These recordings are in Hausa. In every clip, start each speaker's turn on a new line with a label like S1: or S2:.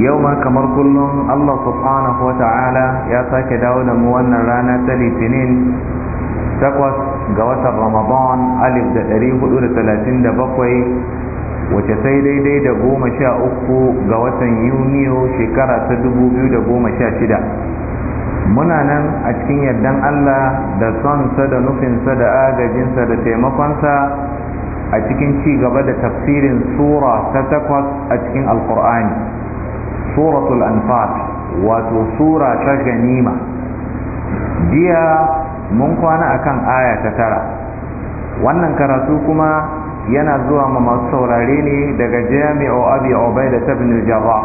S1: yau ma kamar kullum Allah subhanahu wa ta'ala ya sake dawo da mu wannan rana ta litinin takwas ga watan ramadan alif da bakwai wace sai daidai da goma sha uku ga watan yuniyo shekara ta dubu biyu da goma sha shida muna nan a cikin yardan Allah da sonsa da nufinsa da agajinsa da taimakonsa a cikin ci gaba da tafsirin sura ta takwas a cikin alkur'ani suratul anfal wato sura ta ganima jiya mun kwana akan aya ta tara wannan karatu kuma yana zuwa ma masu saurare ne daga jami'o abi obai da tabin jaba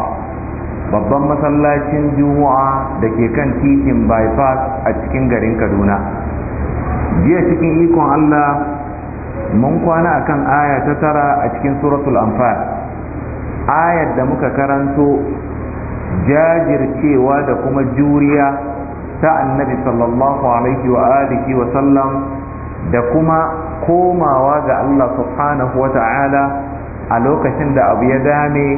S1: babban masallacin juma'a da ke kan titin bypass a cikin garin kaduna jiya cikin ikon allah mun kwana akan aya ta tara a cikin suratul anfal ayar da muka karanto jajircewa da kuma juriya ta annabi sallallahu alaihi wa alihi wa sallam da kuma komawa ga Allah subhanahu wa ta'ala a lokacin da abu ya dame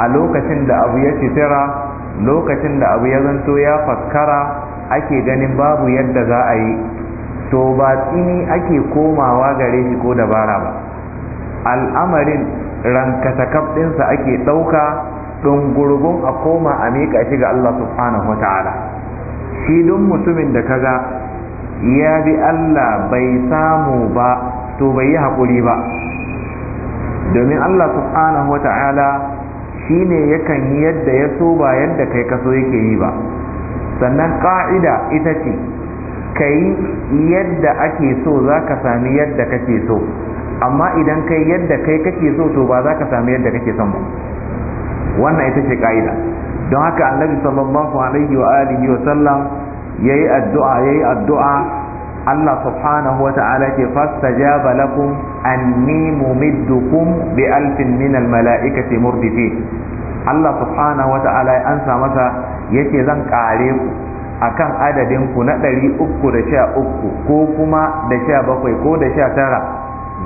S1: a lokacin da abu ya citira lokacin da abu ya zanto ya faskara ake ganin babu yadda za a yi to ba tsini ake komawa gare shi ko dabara ba al'amarin rankatakaf ɗinsa ake ɗauka gurgun a koma a miƙa shi ga Allah subhanahu wa ta'ala shi don mutumin da kaga ya bi Allah bai samu ba to bai yi haƙuri ba domin Allah subhanahu wa ta'ala shi ne yakan yi yadda ya so ba yadda kai kaso yake yi ba sannan ƙa'ida ita ce ka yi yadda ake so za ka sami yadda kake so amma idan kai yadda kai kake so to ba za ka sami yadda kake son ba wannan ita ce ka'ida don haka annabi sallallahu alaihi wa alihi wa sallam yayi addu'a yayi addu'a Allah subhanahu wa ta'ala ke fastajaba lakum anni mumiddukum bi alfin min al mala'ikati murdifin Allah subhanahu wa ta'ala ya ansa masa yace zan kare ku akan adadin ku na ɗari uku da sha uku ko kuma da sha bakwai ko da sha tara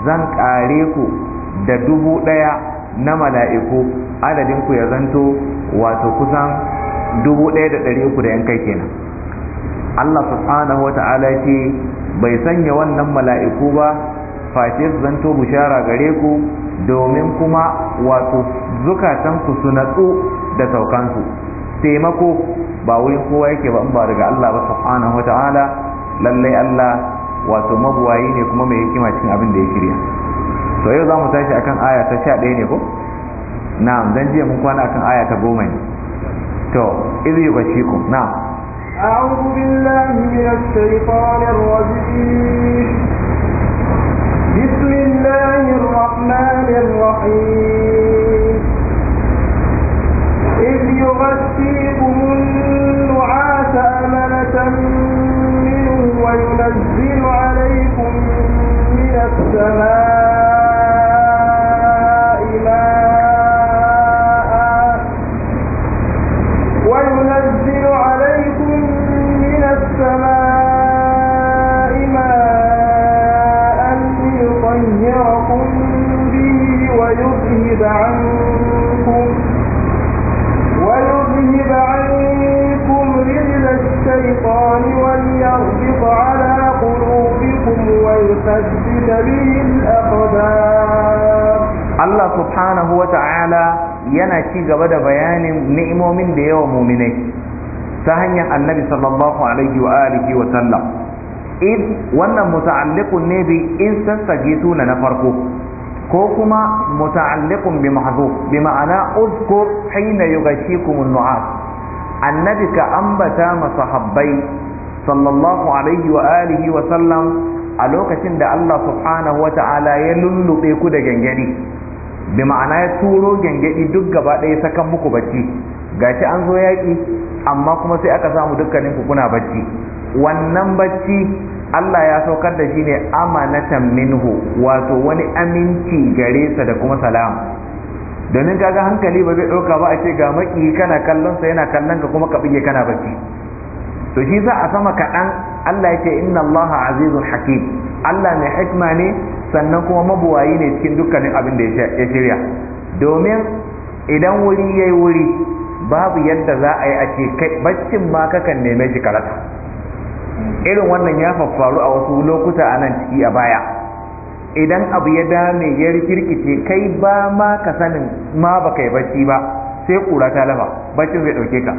S1: zan kare ku da dubu ɗaya na mala'iku adadin ya zanto wato kusan dubu ɗaya da ɗari uku da yan kai kenan Allah subhanahu wa ta'ala ce bai sanya wannan mala'iku ba face su zanto bushara gare ku domin kuma wato zukatanku su natsu da saukansu taimako ba wurin kowa yake ba in ba daga Allah ba subhanahu wa ta'ala lallai Allah wato mabuwayi ne kuma mai hikima cikin abin da ya shirya to yau za mu tashi akan aya ta sha ɗaya ne ko na'am dan jiya mun kwana akan aya ta goma ne to idh yubashikum na'am ku
S2: بالله بسم الله الرحمن الرحيم إذ النعاس منه وينزل عليكم من السماء ويربط على قلوبكم ويثبت به
S1: الأقدام الله سبحانه وتعالى yana ci gaba da bayanin ni'imomin da yawa muminai ta hanyar annabi sallallahu alaihi wa alihi wa sallam id wannan muta'alliqun ne bi in sassage na farko ko kuma muta'alliqun bi mahdhuf bi ma'ana uzkur hina yughashikum an-nu'as annabi ka ambata masahabbai sallallahu alaihi wa alihi wa sallam a lokacin da Allah subhanahu wa ta'ala ya lullube ku da gangadi bi ma'ana ya turo gangadi duk gaba ɗaya sakan muku bacci gashi an zo yaƙi amma kuma sai aka samu dukkanin ku kuna bacci wannan bacci Allah ya saukar da shi ne amanatan minhu wato wani aminci gare sa da kuma salam domin kaga hankali ba zai ɗauka ba a ce ga maki kana kallon sa yana kallon ka kuma ka bige kana bacci to shi za a sama kaɗan Allah ya ce inna Allah azizun hakim Allah mai hikma ne sannan kuma mabuwayi ne cikin dukkanin abin da ya shirya domin idan wuri ya yi wuri babu yadda za a yi a ce kai baccin ma kakan neme shi karata irin wannan ya faffaru a wasu lokuta a nan ciki a baya idan abu ya dame ya rikirkice kai ba ma ka sanin ma ba kai bacci ba sai kura ta lafa baccin zai ɗauke ka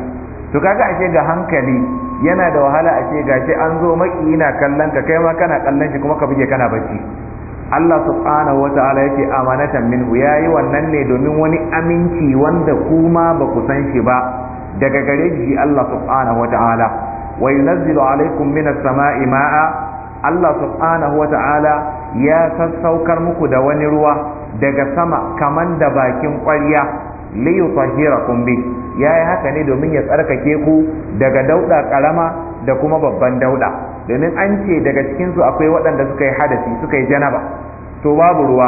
S1: to kaga ashe ga hankali yana da wahala a ce gashi an zo maki yana kallon ka kai ma kana kallon shi kuma ka buge kana bacci Allah subhanahu wata'ala yake amanatan minhu yayi wannan ne domin wani aminci wanda kuma ba ku san shi ba daga gare shi Allah subhanahu wata'ala wa yunazzilu alaikum minas sama'i ma'a Allah subhanahu wata'ala ya sassaukar muku da wani ruwa daga sama kaman da bakin ƙwarya li yutahhirakum bi yayi haka ne domin ya tsarkake ku daga dauda karama da kuma babban dauda domin an ce daga cikin su akwai waɗanda suka yi hadasi suka yi janaba to babu ruwa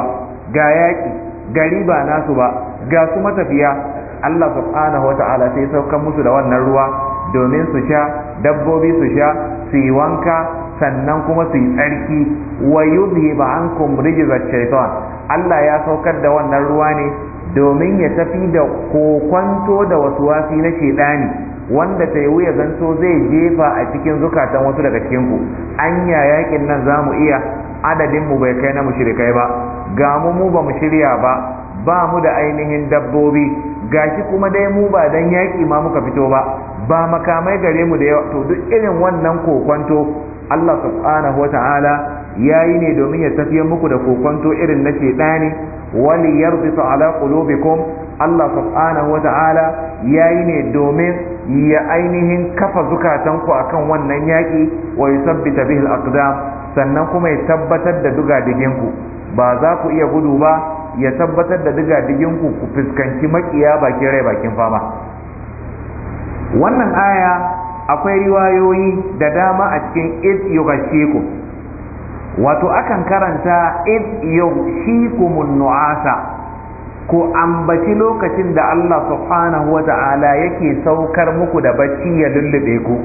S1: ga yaƙi gari ba nasu ba ga su matafiya Allah subhanahu wa ta'ala sai saukan musu da wannan ruwa domin su sha dabbobi su sha su yi wanka sannan kuma su yi tsarki wa yuzhi ba an kum rijizat Allah ya saukar da wannan ruwa ne domin ya tafi da kokwanto da wasu wasi na shedani wanda ta yiwu ya zanto zai jefa a cikin zukatan wasu daga cikinku, ku anya yakin nan za mu iya adadin mu bai kai na shirikai ba ga mu mu ba mu shirya ba ba mu da ainihin dabbobi ga shi kuma dai mu ba dan yaƙi ma muka fito ba ba makamai gare mu da yawa to duk irin wannan kokwanto Allah subhanahu wa ta'ala ya yi ne domin ya tafiye muku da kokonto irin na wani yarbi su ala qulubikum Allah subhanahu ya yi ne domin ya ainihin kafa zukatanku kan wannan yaƙi wa sabbita bihil aqdam sannan kuma ya tabbatar da dugadiginku ba za ku iya gudu ba ya tabbatar da diginku ku fuskanci makiya bakin rai bakin fama wannan aya akwai riwayoyi da dama a cikin iz ku wato akan karanta id yughshikum nu'asa ko ambaci lokacin da Allah subhanahu wata'ala yake saukar muku da bacci ya lullube ku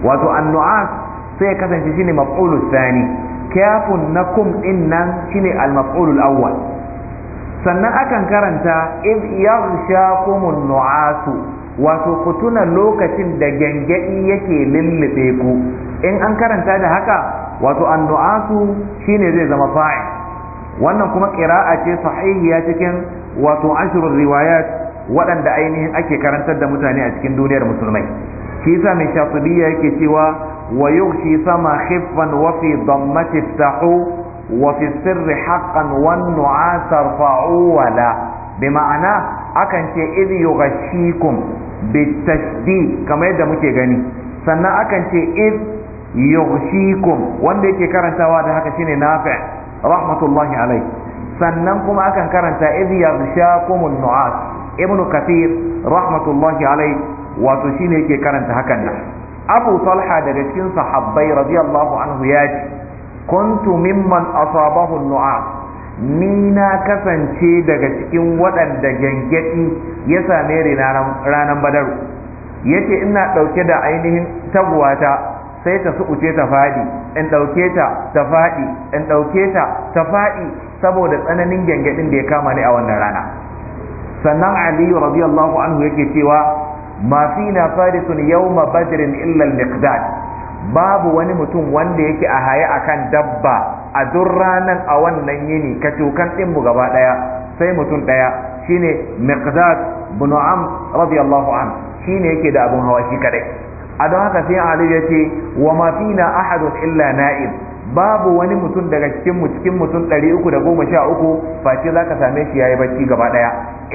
S1: wato an nu'as sai ya kasance shine kyafun thani kafun nakum nan shine al-maf'ulul awwal sannan akan karanta id yaghshakum nu'asu wato ku tuna lokacin da gangadi yake lullube ku in an karanta da haka wato annu'asu shine zai zama fa'il wannan kuma qira'a ce sahihiya cikin wato ashrul riwayat waɗanda ainihin ake karantar da mutane a cikin duniyar musulmai shi yasa mai yake cewa wa yughshi sama khiffan wa fi dammati iftahu wa fi sirri haqqan wan nu'asa rfa'u wa ma'ana akan ce idh yughashikum bitashdid kamar yadda muke gani sannan akan ce id. yughshikum wanda yake karantawa da haka shine nafi' rahmatullahi alayhi sannan kuma akan karanta idh yaghshakumul nu'as ibn kathir rahmatullahi alayhi wato shine yake karanta hakan nan abu talha daga cikin sahabbai radiyallahu anhu ya ce kuntu mimman asabahu nu'as ni na kasance daga cikin waɗanda gyangyaɗi ya same ni ranar badaru yace ina ɗauke da ainihin tagwata. sai ta suuce ta faɗi in ɗauke ta ta faɗi in ɗauke ta ta faɗi saboda tsananin gyangyaɗin da ya kama ni a wannan rana sannan aliyu radiyallahu anhu yake cewa ma na farisun yawma badrin illa al-miqdad babu wani mutum wanda yake a haye akan dabba a duk ranan a wannan yini ka cokan ɗinmu gaba ɗaya sai mutum ɗaya shine miqdad bin am radiyallahu anhu shine yake da abun hawa shi kadai a don haka sai Ali ya ce wa ma fina ahadun illa na'ib babu wani mutum daga cikin mu cikin mutum 313 face zaka same shi yayi bacci gaba daya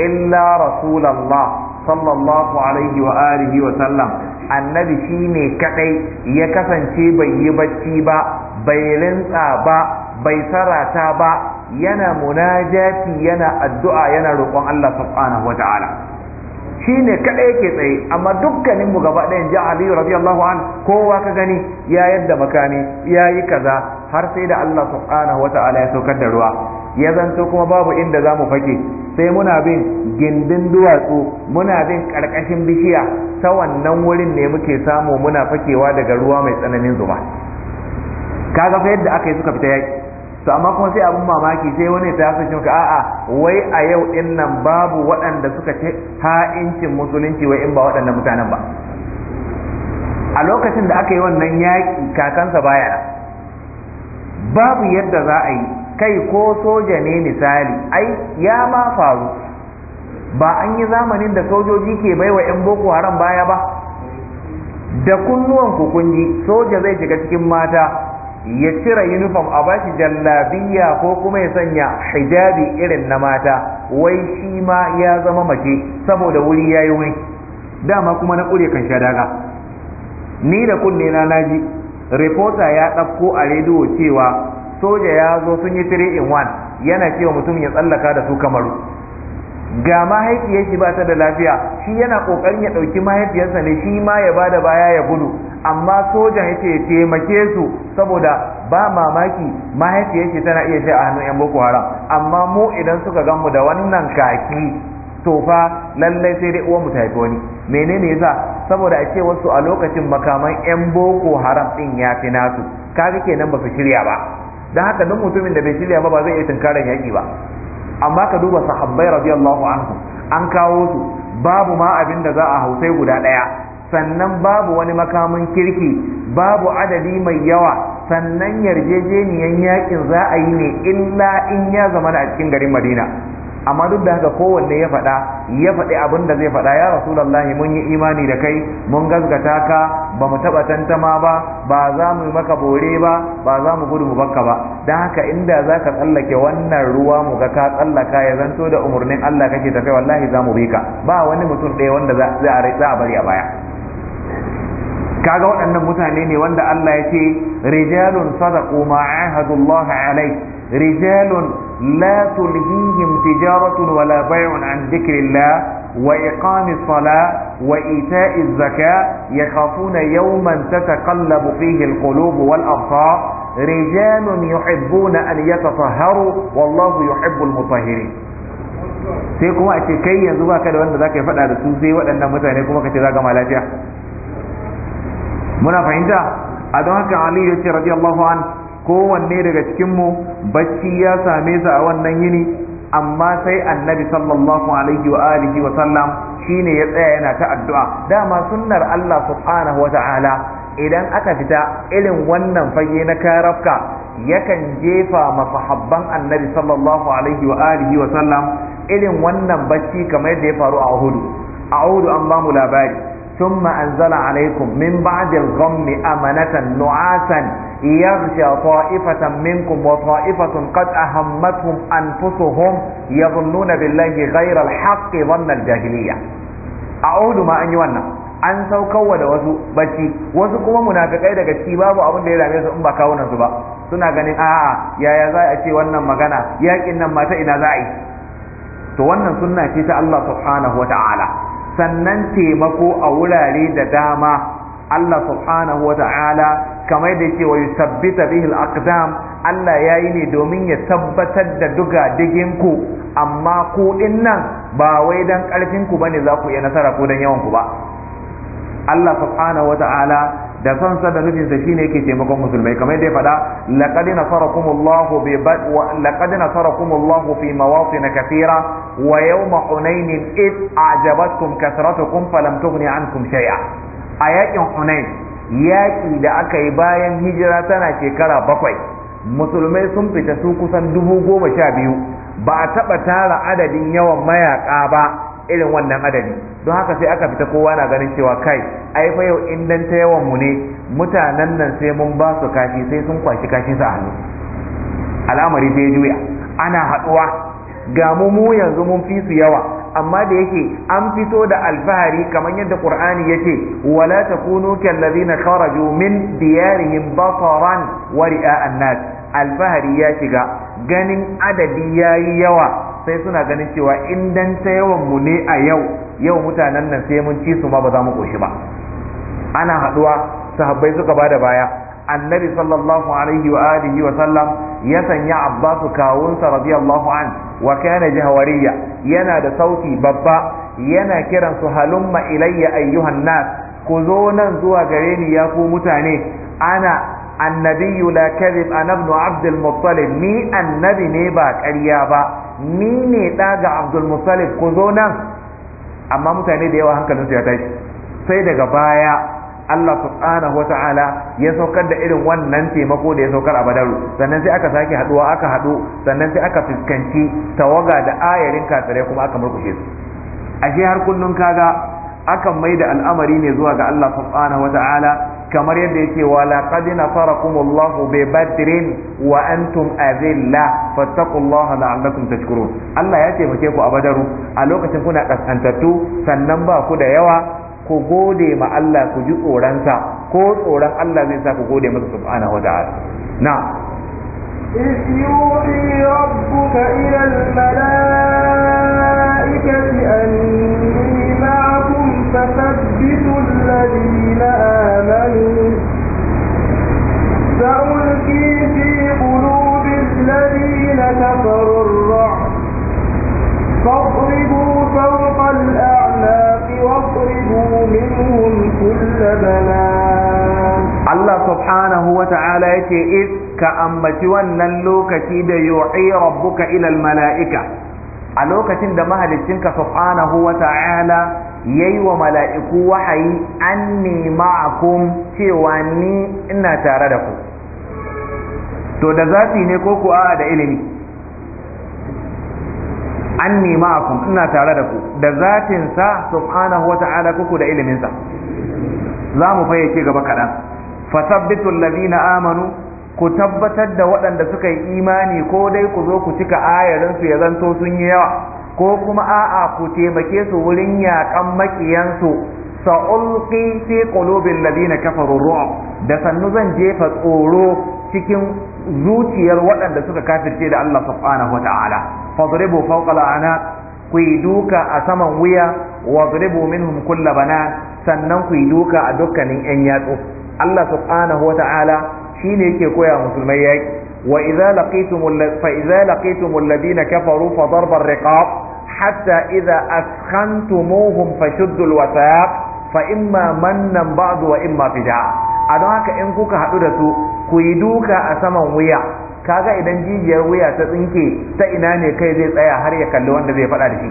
S1: illa rasulullah sallallahu alaihi wa alihi wa sallam annabi shine kadai ya kasance bai yi bacci ba bai rintsa ba bai sarata ba yana munajati yana addu'a yana roƙon Allah subhanahu wa ta'ala Shi ne kaɗai yake tsaye amma dukkanin mu gaba ɗayan ja Ali radiyallahu an kowa ka gani ya yadda makami ya yi kaza har sai da Allah subhanahu wata'ala ya saukar da ruwa ya zanto kuma babu inda za mu fake sai muna bin gindin duwatsu muna bin ƙarƙashin bishiya ta wannan wurin ne muke samu muna fakewa daga ruwa mai tsananin zuba kaga fa yadda aka yi suka fita yaki to amma kuma sai abin mamaki sai wani ta yasa maka a'a wai a yau din nan babu waɗanda suka ce ha'incin musulunci wai in ba waɗannan mutanen ba a lokacin da aka yi wannan yaƙi kakansa baya babu yadda za a yi kai ko soja ne misali ai ya ma faru ba an yi zamanin da sojoji ke baiwa 'yan boko haram baya ba da kunnuwan kukunji soja zai shiga cikin mata ya cire uniform a bashi jallabiya ko kuma ya sanya hijabi irin na mata wai shi ma ya zama mace saboda wuri ya yi wuri dama kuma na ƙure kan shadaga ni da kunne na naji reporter ya ɗauko a rediyo cewa soja ya zo sun yi 3 in 1 yana cewa mutum ya tsallaka da su kamaru ga mahaifiyar shi ba ta da lafiya shi yana kokarin ya dauki mahaifiyarsa ne shi ma ya bada baya ya gudu amma sojan ya ce ya taimake su saboda ba mamaki mahaifiyar shi tana iya shi a hannun yan boko haram amma mu idan suka gan mu da wannan kaki to fa lallai sai dai uwan mu ta haifi wani menene yasa saboda a ce wasu a lokacin makaman yan boko haram din ya fi nasu kaga kenan ba su shirya ba don haka duk mutumin da bai shirya ba ba zai iya tunkarar yaki ba amma ka duba sahabbai radiyallahu anhu an kawo su babu ma abin da za a hausai guda daya sannan babu wani makamin kirki babu adadi mai yawa sannan yarjejeniyan yakin za a yi ne illa in ya zama a cikin garin madina amma duk da haka kowanne ya faɗa ya faɗi abin da zai faɗa ya rasulallahi mun yi imani da kai mun gazgata ka ba mu taɓa tantama ba ba za mu yi maka bore ba ba za mu gudu mu bakka ba don haka inda za ka tsallake wannan ruwa mu ga ka tsallaka ya zanto da umarnin Allah kake tafiya wallahi za mu bi ka ba wani mutum ɗaya wanda za a bari a baya Ka ga waɗannan mutane ne wanda Allah ya ce rijalun sadaqu ma'ahadullahi alai rijalun لا تلهيهم تجارة ولا بيع عن ذكر الله وإقام الصلاة وإيتاء الزكاة يخافون يوما تتقلب فيه القلوب والأبصار رجال يحبون أن يتطهروا والله يحب المطهرين sai kuma a ce kai yanzu ba ka da wanda za ka yi faɗa da su sai waɗannan mutane kuma ka ce za gama lafiya muna fahimta a don haka ali ya ce radiyallahu an kowanne daga cikinmu bacci ya same sa a wannan yini amma sai annabi sallallahu alaihi wa alihi wa sallam shine ya tsaya yana ta addu'a dama sunnar Allah subhanahu wa ta'ala idan aka fita irin wannan fage na karafka yakan jefa masahabban annabi sallallahu alaihi wa alihi wa sallam irin wannan bacci kamar yadda ya faru a hudu. a Uhud an ba mu labari ثم أنزل عليكم من بعد الغم أمنة نعاسا يغشى طائفة منكم وطائفة قد أهمتهم أنفسهم يظنون بالله غير الحق ظن الجاهلية أعود ما أن يوانا an saukarwa da wasu bacci wasu kuma munafikai daga ciki babu abin da ya dame su in ba kawunan su ba suna ganin a'a yaya za a ce wannan magana yakin nan mata ina za a yi to wannan sunna ce ta Allah subhanahu wa sannan taimako a wurare da dama Allah subhanahu wa ta'ala kamar da yake wa yusabbita bihi aqdam Allah yayi ne domin ya tabbatar da duga digin ku amma ku din nan ba wai dan karfin ku ne, za ku iya nasara ko dan yawan ku ba Allah subhanahu wa ta'ala da son sa da nufin sa shine yake taimakon musulmai kamar da ya faɗa laqad nasarakumullahu bi laqad nasarakumullahu fi mawatin kathira wa yawma hunain id a'jabatkum kasratukum falam tughni ankum shay'a a yakin hunain yaƙi da aka yi bayan hijira tana shekara bakwai musulmai sun fita su kusan dubu goma sha biyu ba a taɓa tara adadin yawan mayaƙa ba irin wannan adadi don haka sai aka fita kowa na ganin cewa kai ai fa yau in ta yawan mu ne mutanen nan sai mun ba su kashi sai sun kwashi kashin su a hannu al'amari sai juya ana haɗuwa ga mu mu yanzu mun fi su yawa amma da yake an fito da alfahari kamar yadda qur'ani yace wala takunu kallazina kharaju min diyarihim bataran wa ri'a nas alfahari ya shiga ganin adadi yayi yawa sai suna ganin cewa in dan ta yawan mu ne a yau yau mutanen nan sai mun ci su ma ba za mu koshi ba ana haduwa sahabbai suka bada baya annabi sallallahu alaihi wa alihi wa sallam ya sanya abbasu kawunsa radiyallahu an wa kana yana da sauti babba yana kiran su halumma ilayya ayyuhan nas ku zo nan zuwa gare ni ya ku mutane ana annabiyyu la kadhib ana ibn abdul muttalib ni annabi ne ba ƙarya ba ni ne da ga abdul muttalib ku zo nan amma mutane da yawa hankalinsu ya tashi sai daga baya Allah subhanahu ta'ala ya saukar da irin wannan taimako da ya saukar a badaru sannan sai aka sake haduwa aka hadu sannan sai aka fuskanci tawaga da ayarin kasare kuma aka murkushe su ashe har kullun kaga akan mai da al'amari ne zuwa ga Allah subhanahu ta'ala kamar yadda yake wa laqad nasarakumullahu bi badrin wa antum azilla fattaqullaha la'allakum tashkurun Allah ya taimake ku a badaru a lokacin kuna kasantattu sannan ba ku da yawa ku gode ma Allah ku ji tsoronsa ko tsoron Allah zai sa ku gode masa subhanahu wa ta'ala na
S2: إذ يوحي ربك إلى الملائكة أني معكم فثبتوا الذين آمنوا سألقي في قلوب الذين كفروا الرعب فاضربوا فوق الأعناق منهم كل بنان
S1: الله سبحانه وتعالى يتي إذ كأمت ونلوك تيد يوحي ربك إلى الملائكة ألوك تند مهدتك سبحانه وتعالى yayi wa mala'iku wahayi an nema cewa ni ina tare da ku to da zafi ne ko ku a'a da ilimi anni ma'akum ina tare da ku da zatin sa subhanahu wa kuku da ilimin sa za mu fayyace gaba kaɗan fasabbitul ladina amanu ku tabbatar da waɗanda suka yi imani ko dai ku zo ku cika su ya zanto sun yi yawa ko kuma a'a ku taimake su wurin yaƙan maƙiyansu sa'ulqi fi qulubil ladina kafaru ru'a da sannu zan jefa tsoro cikin zuciyar waɗanda suka kafirce da Allah subhanahu wata'ala fadribu fawqa al'anaq ku yi duka a saman wuya wadribu minhum kulla bana sannan ku yi duka a dukkanin yan yatsu Allah subhanahu ta'ala shine yake koya musulmai yaki wa idza laqitum fa idza laqitum alladhina kafaru fa darba riqab hatta idza askhantumuhum fashuddu alwasaq fa imma mannan ba'd wa imma fidaa a don haka in kuka haɗu da su ku yi duka a saman wuya kaga idan jijiyar wuya ta tsinke ta ina ne kai zai tsaya har ya kalli wanda zai faɗa da shi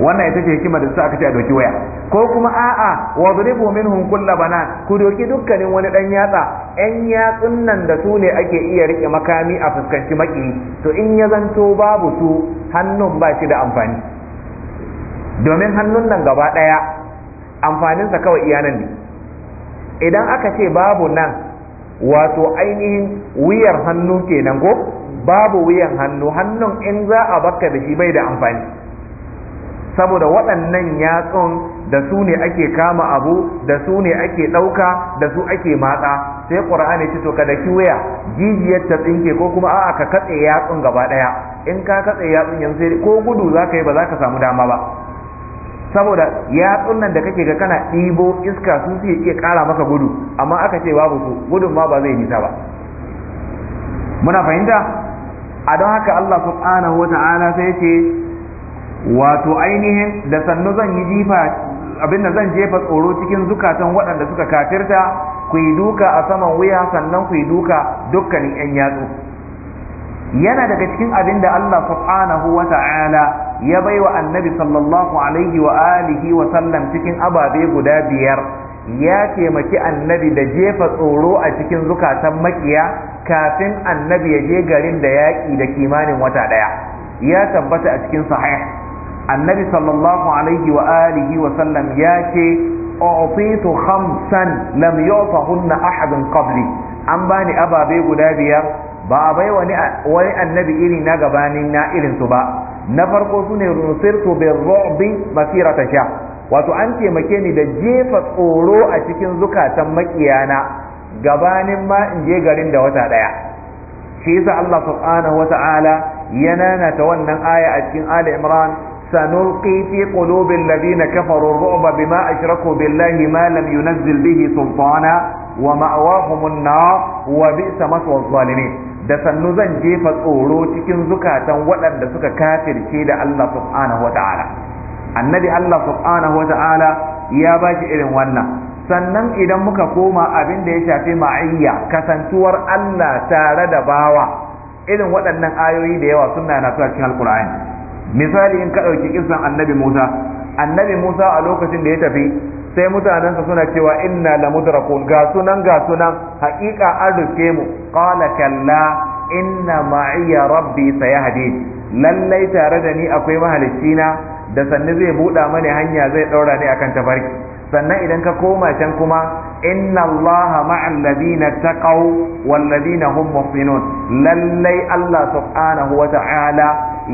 S1: wannan ita ce hikimar da su aka ce a doki waya ko kuma a'a wa zuribu minhum kullu banan ku doki dukkanin wani dan yatsa yan yatsun nan da su ne ake iya rike makami a fuskanci maki to in ya zanto babu su hannun ba shi da amfani domin hannun nan gaba daya amfaninsa kawai iyanan ne idan aka ce babu nan wato ainihin wuyar hannu kenan ko babu wuyan hannu hannun in za a baka da shi bai da amfani saboda waɗannan yatsun da su ne ake kama abu da su ne ake ɗauka da su ake matsa sai ƙur'ani ce to ka ki wuya jijiyar ta tsinke ko kuma a'a ka katse yatsun gaba ɗaya in ka katse yatsun yanzu ko gudu za ka yi ba za ka samu dama ba saboda yatsun nan da kake ga kana ɗibo iska su suke iya ƙara maka gudu amma aka ce babu su gudun ma ba zai nisa ba muna fahimta a don haka Allah subhanahu wa ta'ala sai ce wato ainihin da sannu zan yi jifa abinda zan jefa tsoro cikin zukatan waɗanda suka kafirta ku yi duka a saman wuya sannan ku yi duka dukkanin 'yan yatsu yana daga cikin abin da Allah subhanahu wa ta'ala ya wa annabi sallallahu alaihi wa alihi wa sallam cikin ababe guda biyar ya taimaki annabi da jefa tsoro a cikin zukatan makiya kafin annabi ya je garin da yaƙi da kimanin wata ɗaya ya tabbata a cikin sahih annabi sallallahu alaihi wa alihi wa sallam ya ce u'titu khamsan lam yu'tahunna ahadun qabli an bani ababe guda biyar ba a bai wani annabi iri na gabanin na irin su ba na farko sune nusirtu bi masira ta sha wato an taimake ni da jefa tsoro a cikin zukatan makiyana gabanin ma in je garin da wata daya shi yasa Allah subhanahu wa ta'ala ya nanata wannan aya a cikin Ali Imran sanulqi fi qulubil ladina kafaru ar-ru'ba bima ashraku billahi ma lam yunzil bihi sultana wa ma'wahum an-nar wa bi'sa maswa adh-dhalimin da sannu zan jefa tsoro cikin zukatan waɗanda suka kafirce da Allah subhanahu wata'ala annabi Allah subhanahu wata'ala ya ba shi irin wannan sannan idan muka koma abin da ya shafi ma'ayya kasantuwar Allah tare da bawa irin waɗannan ayoyi da yawa suna na cikin alkur'ani misali in ka ɗauki kisan annabi Musa annabi Musa a lokacin da ya tafi sai mutanensa suna cewa inna la mudrakun ga sunan ga sunan haƙiƙa an rufe mu qala kalla inna ma'iya rabbi sayahdi lallai tare da ni akwai mahalicina da sannu zai buɗa mani hanya zai ɗaura ni akan tafarki sannan idan ka koma can kuma inna allaha ma'al ladina taqaw wal ladina hum muhsinun lallai Allah subhanahu wata'ala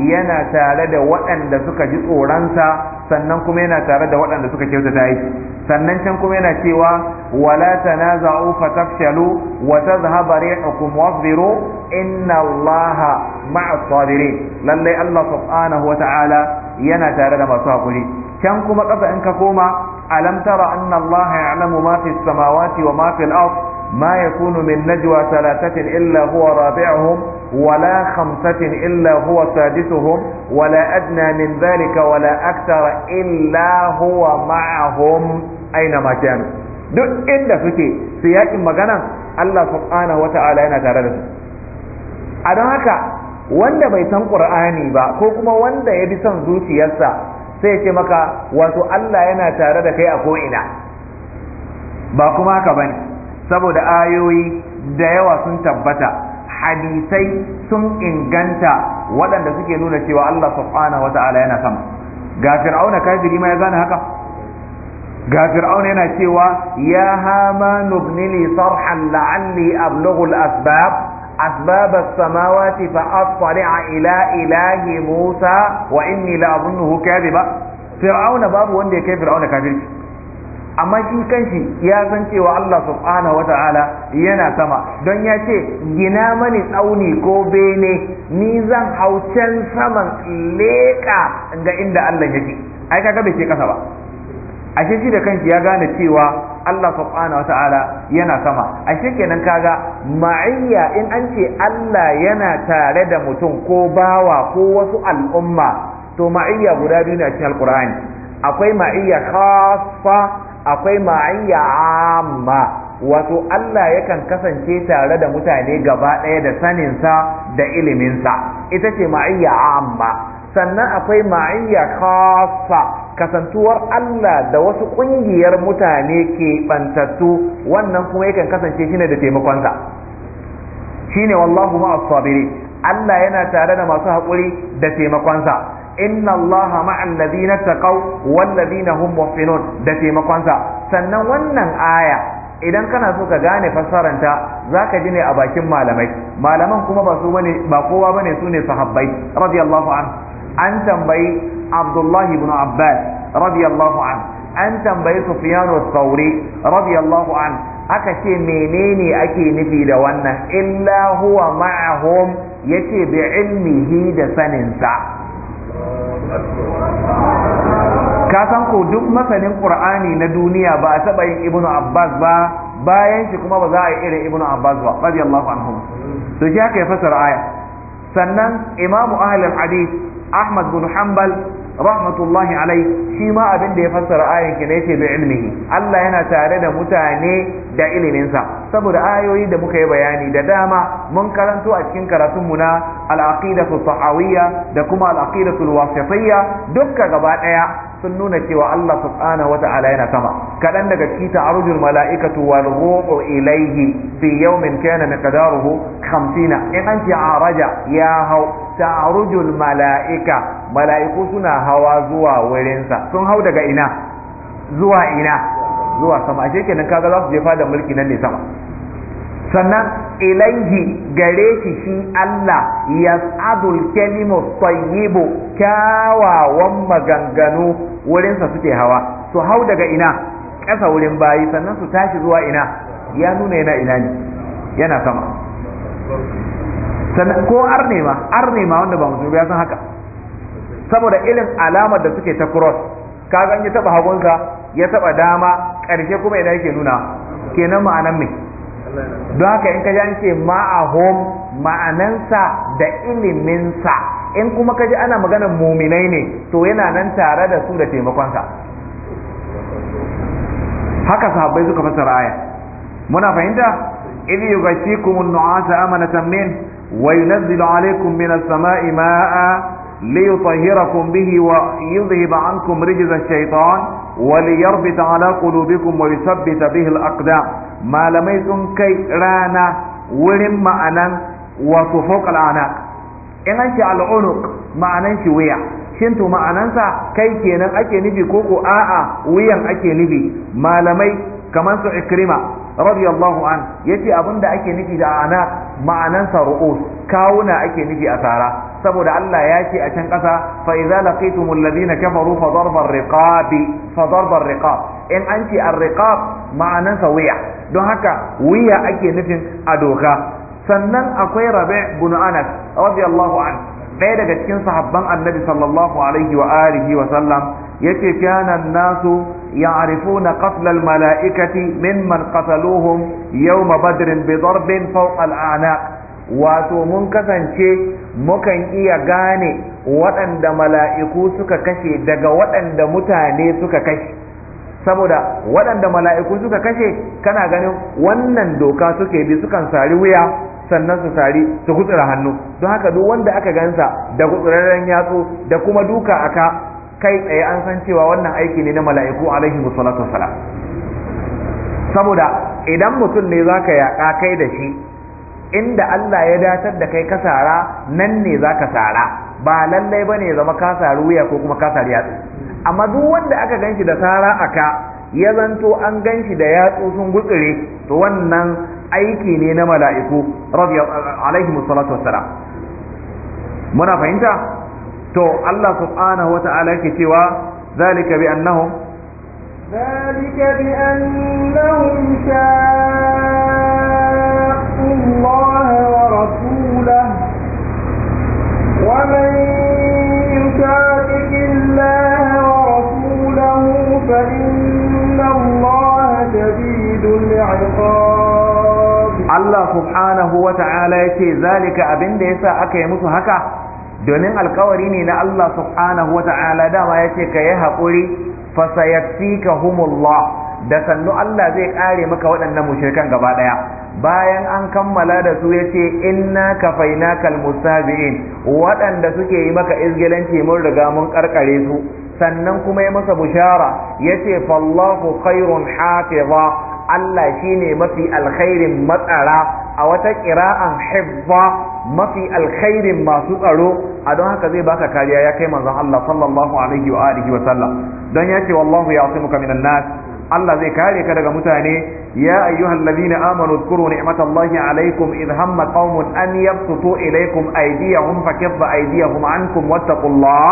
S1: yana tare da waɗanda suka ji tsoronsa sannan kuma yana tare da waɗanda suka kyautata aiki sannan can kuma yana cewa wala tanaza'u fatafshalu wa tadhhaba rihukum wasbiru inna allaha ma'a sabirin lalle Allah subhanahu wata'ala yana tare da masu hakuri can kuma ƙasa in ka koma alam tara anna allaha ya'lamu ma fi samawati wa ma ard ma yakunu min najwa thalathatin illa huwa rabi'uhum ولا خمسة إلا هو سادسهم ولا أدنى من ذلك ولا أكثر إلا هو معهم أينما كانوا duk inda suke su yakin magana Allah subhanahu wa ta'ala yana tare da su a don haka wanda bai san qur'ani ba ko kuma wanda ya bi son zuciyarsa sai ce maka wato Allah yana tare da kai a ko'ina ba kuma haka bane saboda ayoyi da yawa sun tabbata hadisai sun inganta waɗanda suke nuna cewa Allah subhanahu wa ta'ala yana sama ga fir'auna kafiri ma ya gane haka ga fir'auna yana cewa ya hama nubni sarhan la'alli ablughu al-asbab asbab as-samawati fa asfari'a ila ilahi Musa wa inni la kadhiba fir'auna babu wanda ya kai fir'auna kafirci amma shi kanshi ya san cewa Allah subhanahu ta'ala yana sama don ya ce gina mani tsauni ko bene ni zan hau can saman leƙa ga inda Allah yake ai kaga bai ce kasa ba ashe shi da kanshi ya gane cewa Allah subhanahu ta'ala yana sama ashe kenan kaga ma'iyya in an ce Allah yana tare da mutum ko bawa ko wasu al'umma to ma'iyya guda biyu ne a cikin akwai ma'iyya khaffa akwai ma'ayya amma wato Allah yakan kasance tare da mutane gaba ɗaya da saninsa da iliminsa ita ce ma'ayya amma sannan akwai ma'ayya khassa kasantuwar Allah da wasu ƙungiyar mutane ke bantattu wannan kuma yakan kasance shine da taimakonsa shine wallahu ma'as sabiri Allah yana tare da masu haƙuri da taimakonsa inna allaha ma'al ladina taqaw wal ladina hum muhsinun da taimakonsa sannan wannan aya idan kana so ka gane fassaranta zaka ji ne a bakin malamai malaman kuma ba su bane ba kowa bane su ne sahabbai radiyallahu an an tambayi abdullahi ibn abbas radiyallahu an an tambayi sufyan al-thawri radiyallahu an aka ce menene ake nufi da wannan illa huwa ma'ahum yace bi ilmihi da saninsa ka san ko duk masanin qur'ani na duniya ba a taba yin ibnu abbas ba bayan shi kuma ba za a yi irin ibnu abbas ba radiyallahu anhu to shi aka yi fasara aya sannan imamu ahlul hadith ahmad bin hanbal rahmatullahi alai shi ma abin da ya fassara ayan ki ne yace bi ilmihi Allah yana tare da mutane da iliminsa saboda ayoyi da muka yi bayani da dama mun karanto a cikin karatun mu na al-aqidatu sahawiyya da kuma al-aqidatu al-wasitiyya dukka gaba daya sun nuna cewa Allah subhanahu wata'ala yana sama kadan daga cikin ta'arujul mala'ikatu wal ruhu ilayhi fi yawmin kana miqdaruhu 50 in an araja ya hau ta'arujul mala'ika mala'iku suna hawa zuwa wurinsa sun hau daga ina zuwa ina zuwa sama ashe kaga za su jefa da mulki nan ne sama sannan ilaihi gare shi shi Allah yas'adul kalimu tayyibu kyawawan maganganu wurinsa suke hawa su hau daga ina ƙasa wurin bayi sannan su tashi zuwa ina ya nuna yana ina ne yana sama ko arne ma arne ma wanda ba musulmi ya san haka saboda irin alamar da suke ta cross ka an ya taba hagunsa ya taba dama ƙarshe kuma ina yake nuna kenan ma'anan mai don haka in ka ji an ce home ma'anansa da iliminsa in kuma ka ji ana maganar muminai ne to yana nan tare da su da taimakonsa haka sahabbai suka fassara aya muna fahimta yi gashi kuma nuasa amanatan min wa yunazzilu 'alaykum min as-sama'i ma'a liyutahhirakum bihi wa yudhhiba 'ankum rijza ash-shaytan وليربط على قلوبكم ويثبت به الأقدام ما لميتم كي رانا ولم معنا وصفوق الأعناق إن أنت على العنق معنا شوية shinto ma'anansa kai kenan ake nufi koko a'a wuyan ake nufi malamai kamar su ikrima radiyallahu an yace da ake nufi da ana ma'anansa ru'us kawuna ake nufi a tsara saboda Allah ya ce a can ƙasa fa idza laqitum alladhina kafaru fa darba ar-riqab fa darba riqab in an ce a riqab ma'anansa wuya don haka wuya ake nufin a doka sannan akwai Rabi' bun Anas radiyallahu an ɗaya daga cikin sahabban Annabi sallallahu alaihi wa alihi wa sallam yace kana nasu nasu arifu na al-mala'ikati min qataluhum yau ma badirin bezor fawqa fau wato mun kasance mukan iya gane waɗanda mala'iku suka kashe daga waɗanda mutane suka kashe saboda waɗanda mala'iku suka kashe kana ganin wannan doka suke bi sukan sari wuya sannan su sari su gutsura hannu don haka duk wanda aka gansa da gutsurarren yatsu da kuma duka aka kai tsaye an san cewa wannan aiki ne na mala'iku alaihi wasallatu wassalam saboda idan mutum ne zaka yaƙa kai da shi inda Allah ya datar da kai ka nan ne zaka sara ba lallai bane zama ka sari wuya ko kuma ka sari yatsu amma duk wanda aka ganshi da sara aka ya zanto an ganshi da yatsu sun gutsire to wannan aiki ne na mala'iku alaihi wasallatu wassalam muna fahimta to Allah subhanahu wa ta'ala yake cewa zalika bi annahum
S2: zalika bi annahum shaqqu wa rasulahu wa man yushaqiq Allah wa rasulahu fa inna Allah shadidul
S1: 'iqab Allah subhanahu wa ta'ala yake zalika abinda yasa aka yi musu haka domin alkawari ne na Allah subhanahu wa ta'ala dama ya ce ka yi haƙuri fasayaktika humullah da sannu Allah zai ƙare maka waɗannan mushrikan gaba ɗaya bayan an kammala da su ya ce inna kafainakal mustabi'in waɗanda suke yi maka izgilanci mun riga mun karkare su sannan kuma ya masa bushara ya ce fallahu khairun hafiza Allah shine mafi alkhairin matsara a wata ƙira'an hibba mafi alkhairin masu tsaro a don haka zai baka kariya ya kai manzon Allah sallallahu alaihi wa alihi wa sallam don ya ce wallahu ya'simuka minan nas Allah zai kare ka daga mutane ya ayyuhal ladina amanu dhkuru ni'matallahi alaikum idh hamma qaumun an yabsutu ilaykum aydiyahum fakaffa aydiyahum ankum wattaqullah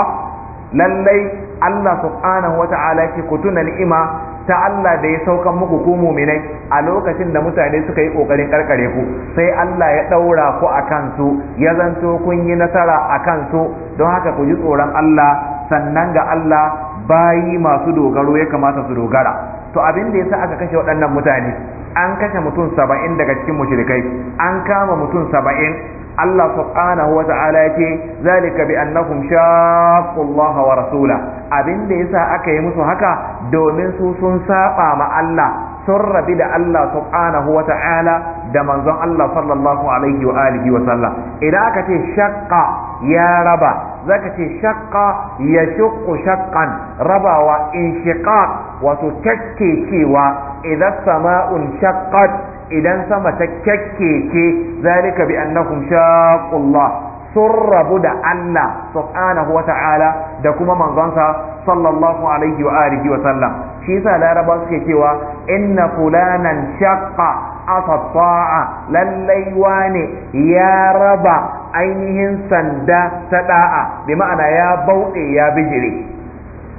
S1: lallai Allah subhanahu wa ta'ala ki kutuna ni'ima ta Allah da ya saukan muku ko muminai a lokacin da mutane suka yi kokarin karkare ku sai Allah ya ɗaura ku a kansu ya zanto kun yi nasara a kansu don haka ku ji tsoron Allah sannan ga Allah bayi masu dogaro ya kamata su dogara to abin da yasa aka kashe waɗannan mutane an kashe mutum saba'in daga cikin mushrikai an kama mutum saba'in Allah subhanahu wa ta'ala ya ce zalika bi annahum shaqqu Allah wa rasula abin da yasa aka yi musu haka domin su sun saba ma Allah sun rabi da Allah subhanahu wa ta'ala da manzon Allah sallallahu alaihi wa alihi wa sallam idan aka ce shaqqa ya raba zaka ce shakka ya shaqqu shaƙan rabawa inshiqaq wato kakkecewa idan sama'un shaqqat idan sama ta kakkece zalika bi annahum shaqqullah sun rabu da Allah subhanahu wa ta'ala da kuma manzonsa sallallahu alaihi wa alihi wa sallam shi yasa laraba suke cewa inna fulanan shaqqa asa ta'a lallai wane ya raba ainihin sanda ta da'a bi ma'ana ya bauɗe ya bijire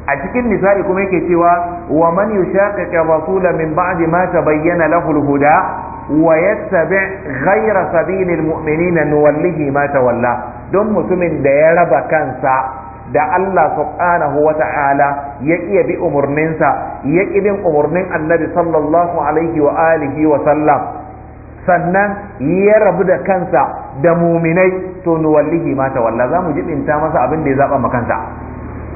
S1: a cikin nisa'i kuma yake cewa wa man yushaqiqi rasula min ba'di ma tabayyana lahu al-huda wa yattabi' ghayra sabili al-mu'minina nuwallihi ma tawalla don mutumin da ya raba kansa da Allah subhanahu wa ta'ala ya iya bi umurninsa ya ƙi bin umurnin annabi sallallahu alaihi wa alihi wa sallam sannan ya rabu da kansa da muminai to nuwallihi ma tawalla za mu jibinta masa abin da ya zaba ma kansa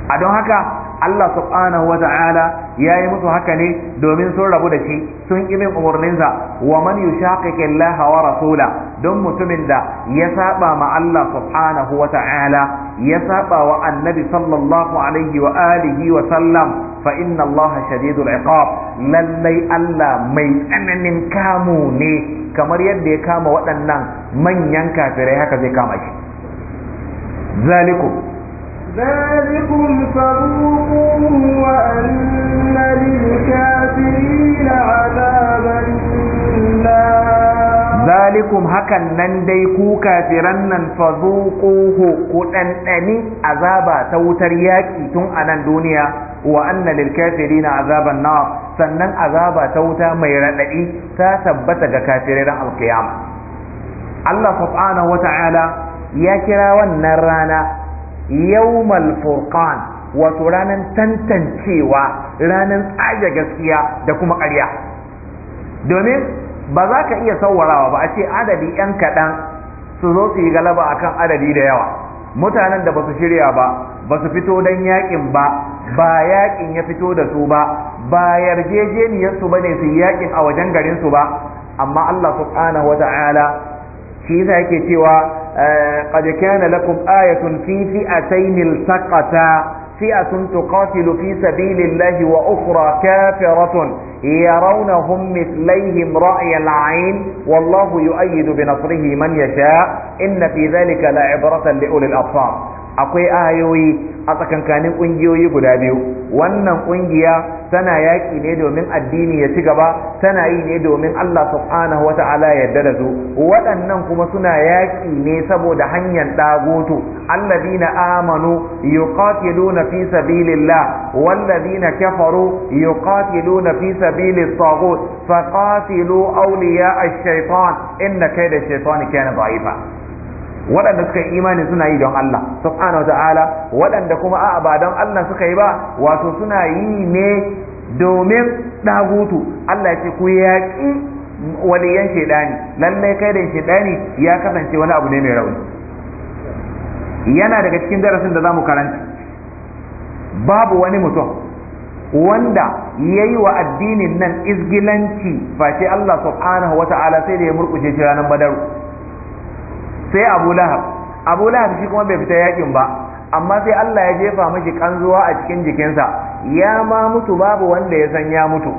S1: a don haka Allah subhanahu wa ta'ala ya yi musu haka ne domin sun rabu da shi sun ƙi min umarninsa wa man yushaqiqi Allah wa rasula don mutumin da ya saba ma Allah subhanahu wa ta'ala ya saba wa annabi sallallahu alaihi wa alihi wa sallam fa inna Allah shadidul iqab lallai Allah mai tsananin kamu ne kamar yadda ya kama waɗannan manyan kafirai haka zai kama shi zalikum
S2: zalikum faruquhu wa anna lil kafirin azaban
S1: zalikum hakan nan dai ku kafiran nan fazuquhu ku dandani azaba ta wutar yaƙi tun a nan duniya wa anna lil kafirin azaban nawa. sannan azaba ta wuta mai raɗaɗi ta tabbata ga kafirai ran alkiyama Allah subhanahu wata'ala ya kira wannan rana yawmal furqan wato ranan tantancewa ranan tsaje gaskiya da kuma ƙarya domin ba za ka iya sauwarawa ba a ce adadi 'yan kaɗan su zo su yi galaba akan adadi da yawa mutanen da ba su shirya ba ba su fito don yakin ba ba yakin ya fito da su ba ba yarjejeniyar su bane su yakin a wajen garin su ba amma Allah subhanahu wa ta'ala shi yasa yake cewa qad kana lakum ayatun fi fi'atayn iltaqata fi'atun tuqatilu fi sabilillahi wa ukhra kafiratun yarawnahum يرونهم مثليهم رأي العين والله يؤيد بنصره من يشاء إن في ذلك لعبرة لأولي الأبصار akwai ayoyi a tsakankanin ƙungiyoyi guda biyu wannan ƙungiya tana yaƙi ne domin addini ya ci gaba tana yi ne domin Allah subhanahu wa ta'ala ya yarda da su waɗannan kuma suna yaƙi ne saboda hanyar ɗagoto alladina amanu yuqatiluna fi sabilillah walladina kafaru yuqatiluna fi sabilit taghut faqatilu awliya ash-shaytan inna kayda ash-shaytani kana da'ifa waɗanda suka yi imani suna yi don Allah subhanahu ta'ala waɗanda kuma a'a ba don Allah suka yi ba wato suna yi ne domin ɗagutu Allah ce ku yaƙi waliyan shaidani lallai kai da shaidani ya kasance wani abu ne mai rauni yana daga cikin darasin da za mu karanta babu wani mutum wanda ya yi wa addinin nan izgilanci face Allah subhanahu wa ta'ala sai da ya murƙushe shi ranar badaru sai abu lahab abu lahab shi kuma bai fita yakin ba amma sai Allah ya jefa mashi kanzuwa a cikin jikinsa ya ma mutu babu wanda ya san ya mutu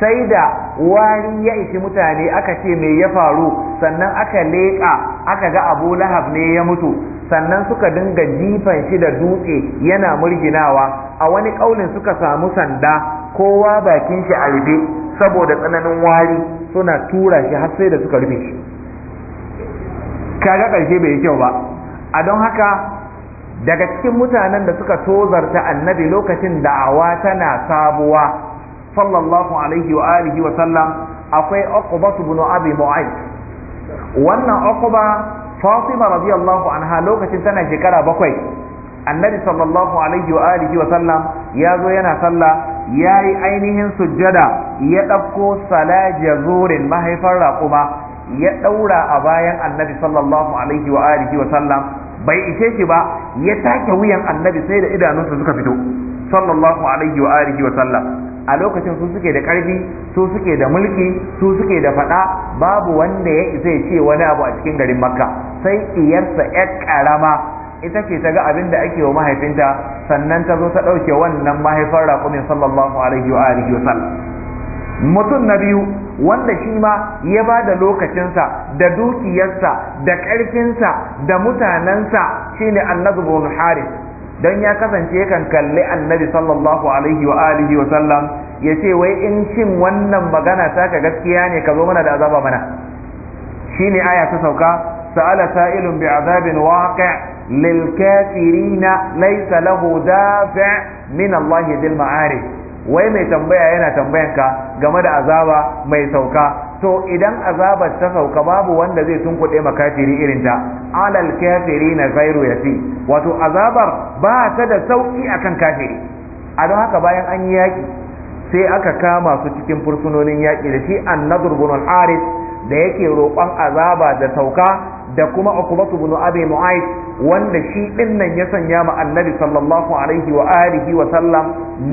S1: sai da wari ya ishi mutane aka ce me ya faru sannan aka leƙa aka ga abu lahab ne ya mutu sannan suka dinga jifan shi da dutse yana murginawa a wani ƙaunin suka samu sanda kowa bakin shi a saboda tsananin wari suna tura shi har sai da suka rufe shi kaga ƙarshe bai yi kyau ba a don haka daga cikin mutanen da suka tozarta annabi lokacin da'awa tana sabuwa sallallahu alaihi wa alihi wa sallam akwai uqba ibn abi mu'ayth wannan uqba fatima radiyallahu anha lokacin tana shekara bakwai annabi sallallahu alaihi wa alihi wa sallam ya zo yana sallah ya yi ainihin sujjada ya ɗauko salajiyar zurin mahaifar raƙuma ya ɗaura a bayan annabi sallallahu alaihi wa alihi wa sallam bai ishe shi ba ya take wuyan annabi sai da idanunsa suka fito sallallahu alaihi wa alihi wa sallam a lokacin su suke da karfi su suke da mulki su suke da faɗa babu wanda ya isa ya ce wani abu a cikin garin makka sai iyarsa yar karama ita ce ta ga abin da ake wa mahaifinta sannan ta zo ta ɗauke wannan mahaifar raƙumin sallallahu alaihi wa alihi wa sallam mutum na biyu wanda shi ma ya ba da lokacinsa da dukiyarsa da ƙarfinsa da mutanensa shine annabi bin haris don ya kasance yakan kalli annabi sallallahu alaihi wa alihi wa sallam ya ce wai in cin wannan magana ta ka gaskiya ne ka zo mana da azaba mana shine aya ta sauka sa'ala sa'ilun bi'azabin waqi' للكافرين ليس له دافع من الله ذي المعارف wai mai tambaya yana tambayan ka game da azaba mai sauka to idan azabar ta sauka babu wanda zai tunkuɗe ma kafiri irin ta alal kafiri na ya yasi wato azabar ba ta da sauki akan kafiri a don haka bayan an yi yaƙi sai aka kama su cikin fursunonin yaƙi da shi annadur bin Aris da yake roƙon azaba da sauka da kuma Uqbatu ibn Abi Mu'ayth wanda shi dinnan ya sanya ma Annabi sallallahu alaihi wa alihi wa sallam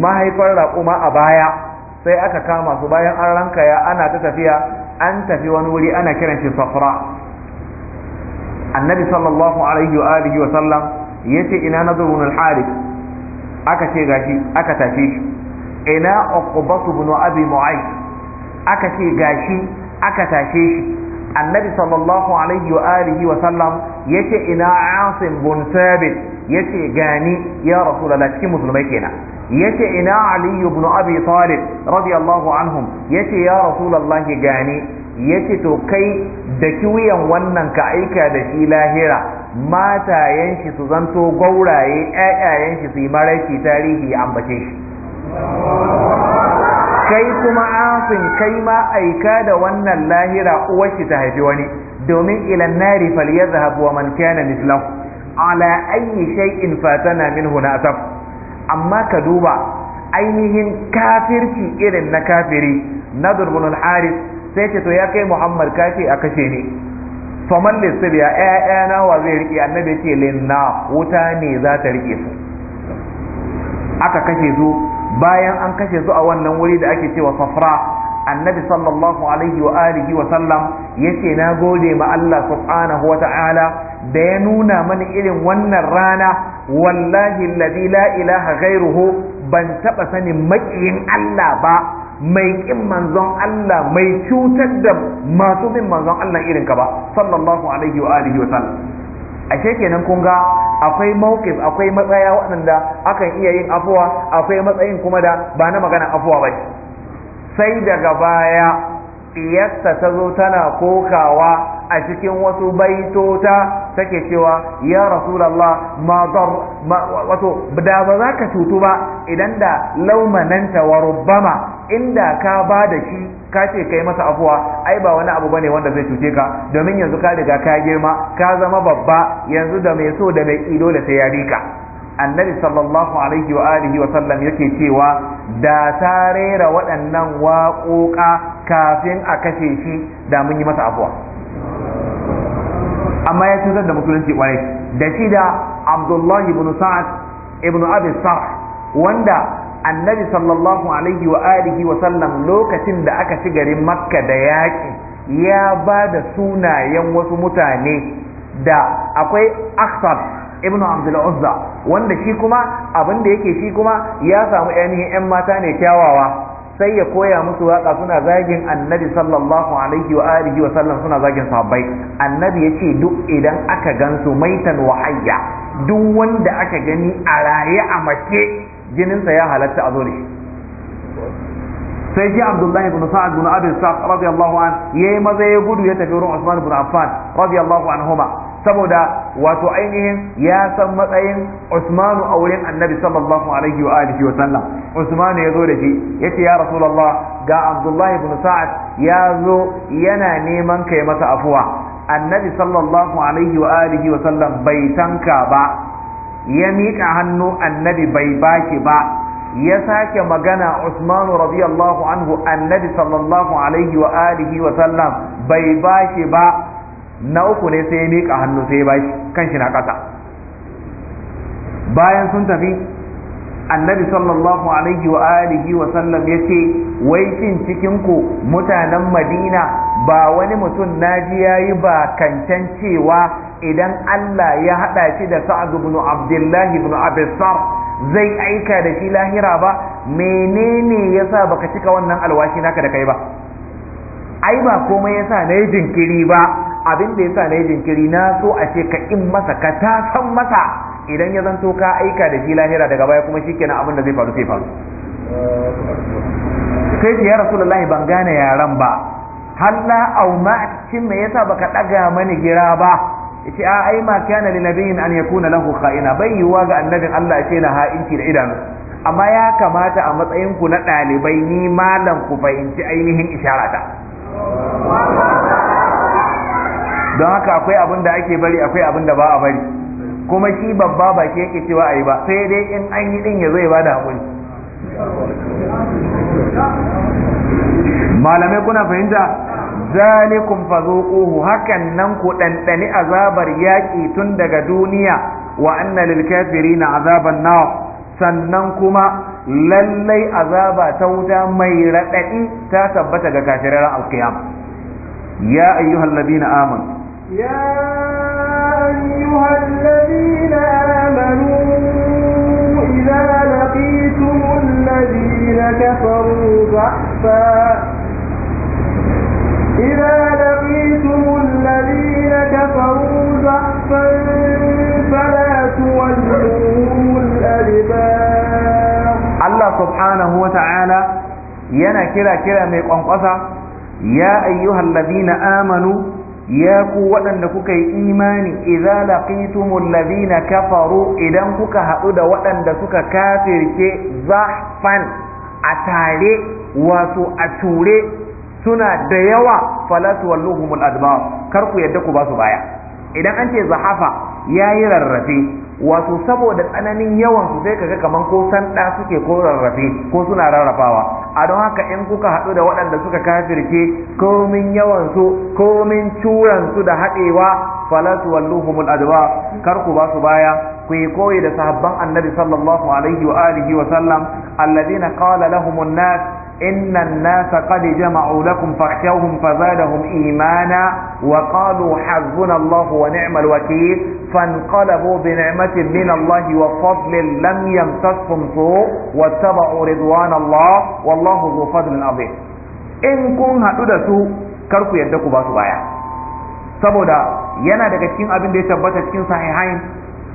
S1: mahaifar raƙuma a baya sai aka kama su bayan an rankaya ana ta tafiya an tafi wani wuri ana kiran shi Safra Annabi sallallahu alaihi wa alihi wa sallam yace ina nazarun al-Harith aka ce gashi aka tafi shi ina Uqbatu ibn Abi Mu'ayth aka ce gashi aka tashe shi annabi sallallahu alaihi wa alihi wa sallam yace ina asim bin sabit yace gani ya rasulullah cikin musulmai kenan yace ina ali ibn abi talib radiyallahu anhum yace ya rasulullah gani yace to kai da kiwiyan wannan ka aika da shi lahira matayen shi su zanto gauraye ƴaƴayen shi su yi maraki tarihi ambace shi kai kuma asin kai ma aika da wannan lahira uwarki ta haifi wani domin ilan nari fal yazhab wa man kana mislahu ala ayyi shay'in fatana minhu na amma ka duba ainihin kafirci irin na kafiri na bin al-haris sai ce to ya kai muhammad ka a kashe ni faman lissabiya ƴaƴana wa zai rike annabi ce linna wuta ne za ta rike su aka kashe su bayan an kashe su a wannan wuri da ake cewa safra annabi sallallahu alaihi wa alihi wa sallam yace na gode ma Allah subhanahu wa ta'ala da ya nuna mani irin wannan rana wallahi alladhi la ilaha ghairuhu ban taba sanin makiyin Allah ba mai kin manzon Allah mai cutar da masu bin manzon Allah irin ka ba sallallahu alaihi wa alihi wa sallam ashe kenan kun ga akwai mawkif akwai matsaya waɗanda akan iya yin afuwa akwai matsayin kuma da ba na magana afuwa ba sai daga baya iyasta ta zo tana kokawa a cikin wasu baitota take cewa ya rasulullah ma dar wato da ba za ka cutu ba idan da laumananta wa rubbama inda ka ba da shi ka ce kai masa afuwa ai ba wani abu bane wanda zai cuce ka domin yanzu ka riga ka girma ka zama babba yanzu da mai so da mai ido da sai ya rika annabi sallallahu alaihi wa alihi wa sallam yake cewa da ta rera waɗannan waƙoƙa kafin a kashe shi da mun yi masa afuwa amma ya cutar da musulunci kwarai da shi da abdullahi ibn sa'ad ibn abi sa'ad wanda annabi sallallahu alaihi wa alihi wa sallam lokacin da aka ci garin makka da yaƙi ya ba da sunayen wasu mutane da akwai akhtar ibn abdul uzza wanda shi kuma abin da yake shi kuma ya samu ainihin 'yan mata ne kyawawa sai ya koya musu waka suna zagin annabi sallallahu alaihi wa alihi wa sallam suna zagin sahabbai annabi yace duk idan aka gansu maitan wa hayya duk wanda aka gani a raye a mace jininsa ya halatta a zo sai ji abdullahi ibn sa'ad ibn abi sa'ad radiyallahu an yayi maza ya gudu ya tafi wurin usman ibn affan radiyallahu anhuma saboda wato ainihin ya san matsayin Usmanu a wurin Annabi sallallahu alaihi wa alihi wa sallam Usmanu ya zo da shi yace ya Rasulullah ga Abdullahi ibn Sa'ad ya zo yana neman kai masa afuwa Annabi sallallahu alaihi wa alihi wa sallam bai tanka ba ya miƙa hannu Annabi bai baki ba ya sake magana Usmanu radiyallahu anhu annabi sallallahu alaihi wa alihi wa sallam bai bashi ba na uku ne sai ya miƙa hannu sai ya kan kanshi na ƙasa bayan sun tafi annabi sallallahu alaihi wa alihi wa sallam ya ce wai cin cikin ku mutanen madina ba wani mutum naji ya yi ba kancan cewa idan Allah ya haɗa shi da sa'ad ibn abdullahi ibn abisar zai aika da shi lahira ba menene ya yasa baka cika wannan alwashi naka da kai ba ai ba komai yasa na yi jinkiri ba abin da yasa na yi jinkiri na so a ce ka in masa ka ta san masa idan ya zanto ka aika da shi lahira daga baya kuma shi kenan abin da zai faru sai faru sai ya rasulullahi ban gane yaran ba halla au ma cikin me yasa baka daga mani gira ba yace a ai ma kana lin nabiyin an yakuna lahu kha'ina bai yuwa ga annabin Allah ya ce na ha'inci da idanu amma ya kamata a matsayin ku na ɗalibai ni malam ku fahimci ainihin isharata don haka akwai abin da ake bari akwai abin da ba a bari kuma shi babba ba ke yake cewa a yi ba sai dai in an yi din ya zai ba da haƙuri malamai kuna fahimta zalikum fazuquhu hakan nan ku ɗanɗani azabar yaƙi tun daga duniya wa anna lil kafirina azaban nar sannan kuma lallai azaba ta wuta mai raɗaɗi ta tabbata ga kafirar alkiyam ya ayyuhal ladina amanu ya
S2: ayyuhal ladina amanu idza laqitum alladhina kafaru fa idza laqitum الذين kafaru fa فلا
S1: subhanahu wa ta'ala yana kira kira mai kwankwasa ya ayyuhal ladina amanu ya ku waɗanda kuka yi imani idza laqitumul ladina kafaru idan kuka haɗu da waɗanda suka kafirce zahfan a tare wato a ture suna da yawa falatu walluhumul adbar kar ku yadda ku ba su baya idan an ce zahafa yayi rarrafe wato saboda tsananin yawan su sai kaga kaman ko sanda suke ko rarrafe ko suna rarrafawa a don haka in kuka haɗu da waɗanda suka kafirce komin yawan su komin curan su da haɗewa falatu walluhumul adba kar ku ba su baya ku yi koyi da sahabban annabi sallallahu alaihi wa alihi wa sallam qala lahumun nas إن الناس قد جمعوا لكم فاخشوهم فزادهم إيمانا وقالوا حسبنا الله ونعم الوكيل فانقلبوا بنعمة من الله وفضل لم يمسسهم سوء واتبعوا رضوان الله والله ذو فضل عظيم إن كن هددسوا كركوا يدكوا باسوا بايا saboda yana daga cikin abin da ya tabbata cikin sahihain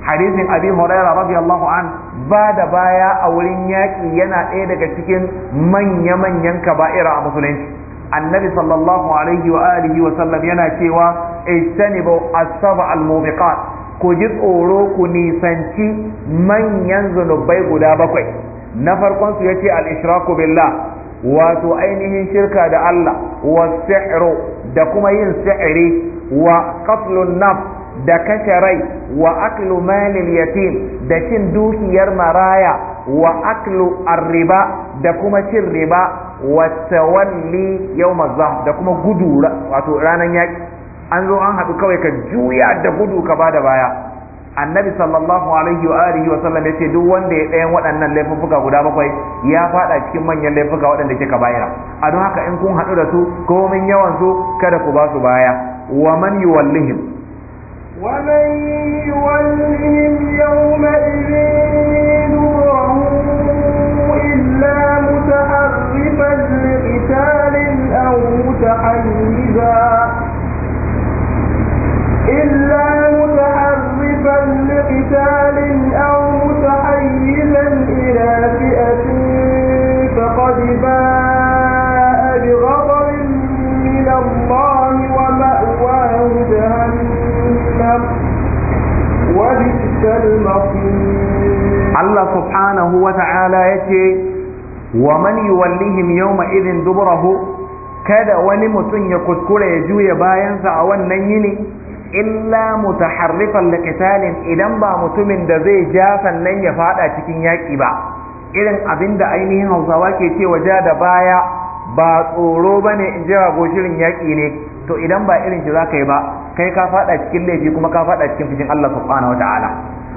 S1: hadisin abi huraira radiyallahu an ba da baya a wurin yaƙi yana ɗaya daga cikin manya-manyan kaba'ira a musulunci annabi sallallahu alaihi wa alihi wa sallam yana cewa ijtanibu as-sab'a al-mubiqat ku ji tsoro ku nisanci manyan zunubai guda bakwai na farkon su yace al-ishraku billah wato ainihin shirka da Allah wa sihru da kuma yin sihiri wa qatlun nafs da kashe rai wa aklu malil yatim da cin dukiyar maraya wa aklu arriba da kuma cin riba wa tawalli yawmaz da kuma gudu wato ranan yaki an zo an haɗu kawai ka juya da gudu ka bada baya annabi sallallahu alaihi wa alihi wa sallam yace duk wanda ya ɗayan waɗannan laifuffuka guda bakwai ya faɗa cikin manyan laifuka waɗanda ka bayar a don haka in kun haɗu da su komin yawan su kada ku ba su baya wa man yuwallihim ومن يولهم يومئذ
S2: دبره إلا إلا متحرفا لقتال أو متحيزا إلى فئة وبئس المصير
S1: ya ce wa يتي ومن يوليهم يومئذ dubrahu. kada wani mutum ya kuskure ya juya bayansa a wannan yini illa mutaharrifan liqitalin idan ba mutumin da zai ja sannan ya fada cikin yaƙi ba irin abin da ainihin hausawa ke cewa ja da baya ba tsoro ba ne in jira shirin yaƙi ne to idan ba irin shi za ka yi ba kai ka fada cikin laifi kuma ka fada cikin fushin Allah subhanahu wataala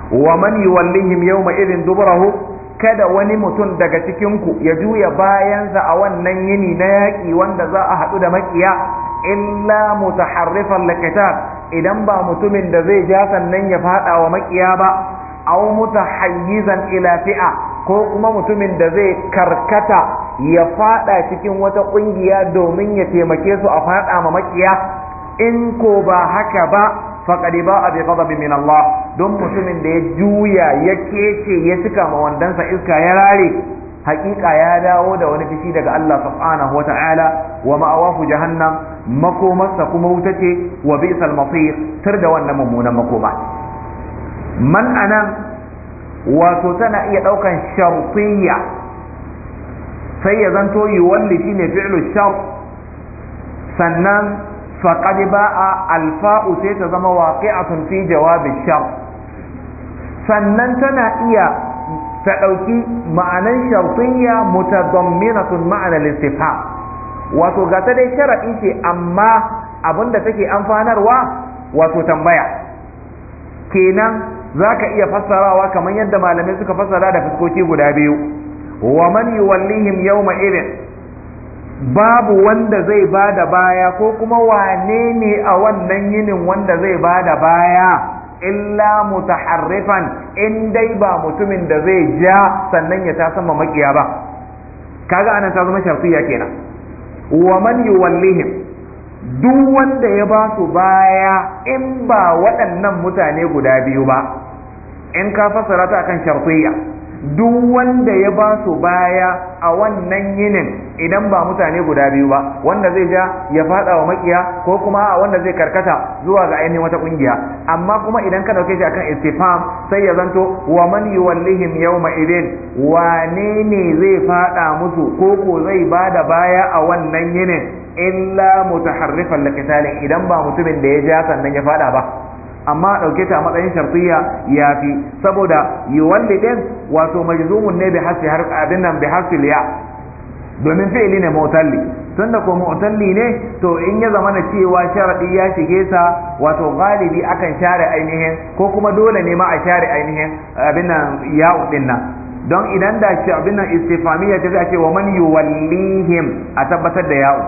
S1: wa man yuwallihim yawma idhin duburahu kada wani mutum daga cikin ku ya juya bayansa a wannan yini na yaƙi wanda za a haɗu da makiya illa mutaharrifan liqital idan ba mutumin da zai ja sannan ya fada wa makiya ba aw mutahayyizan ila fi'a ko kuma mutumin da zai karkata ya fada cikin wata kungiya domin ya taimake su a fada ma makiya in ko ba haka ba ba a bai faɗa min Allah don mutumin da ya juya ya kece ya cika ma wandansa iska ya rare hakika ya dawo da wani fushi daga Allah subhanahu wa ta'ala wa ma'awahu jahannam makomarsa kuma wuta ce wa bi'sal masir tar da wannan mummunan makoma man anan wato tana iya ɗaukan shartiyya sai ya zanto yuwalli ne fi'lu shart sannan faqad ba'a alfa'u sai ta zama a fi jawabi shar sannan tana iya ta ɗauki ma'anan shartiyya mutadamminatun ma'ana istifham wato ga ta dai sharadi ce amma abinda take amfanarwa wato tambaya kenan zaka iya fassarawa kamar yadda malamai suka fassara da fuskoki guda biyu wa man yuwallihim yawma idin babu wanda zai ba da baya ko kuma wane ne a wannan yinin wanda zai ba da baya illa mutaharrifan in dai ba mutumin da zai ja sannan ya ta sama makiya ba kaga anan ta zama sharfiya kenan wa man yuwallihim duk wanda ya ba su baya in ba waɗannan mutane guda biyu ba in ka fassara ta akan sharfiya duk wanda ya ba su baya a wannan yinin idan ba mutane guda biyu ba wanda zai ja ya fada wa makiya ko kuma a wanda zai karkata zuwa ga ainihin wata kungiya amma kuma idan ka dauke shi akan istifham sai ya zanto wa man yuwallihim yawma idin wane ne zai fada musu ko ko zai da baya a wannan yinin illa mutaharrifan lakitalin idan ba mutumin da ya ja sannan ya fada ba amma dauke ta a matsayin shartiyya yafi saboda ɗin wato majzumun ne bi hasi har abin nan bi hasi liya domin fi'ili ne mu'talli da ko mu'talli ne to in ya zama na cewa sharadi ya shige sa wato galibi akan share ainihin ko kuma dole ne ma a share ainihin abin nan ya din nan don idan da shi abin nan istifamiyya ta ce wa man yuwallihim a tabbatar da ya'u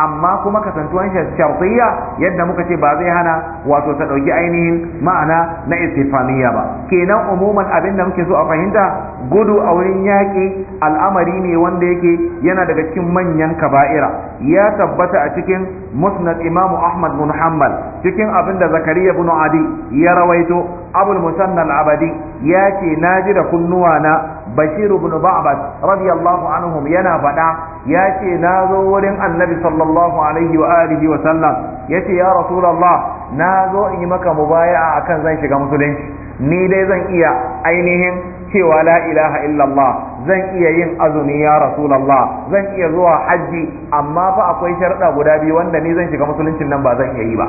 S1: amma kuma kasantuwan shartiyya yadda muka ce ba zai hana wato ta ɗauki ainihin ma'ana na istifamiya ba kenan umuman abin da muke so a fahimta gudu a wurin yaƙi al'amari ne wanda yake yana daga cikin manyan kaba'ira ya tabbata a cikin musnad imamu ahmad bin hanbal cikin abin da zakariya bin adi ya rawaito abul musanna al-abadi ya ce ji da kunnuwa na. bashiru ibn ba'bas radiyallahu anhum yana faɗa ya ce na zo wurin annabi sallallahu alaihi wa alihi wa sallam ya ce ya rasulullah na zo in yi maka mubaya'a akan zan shiga musulunci ni dai zan iya ainihin cewa la ilaha illallah zan iya yin azumi ya rasulullah zan iya zuwa hajji amma fa akwai sharɗa guda biyu wanda ni zan shiga musuluncin nan ba zan iya yi ba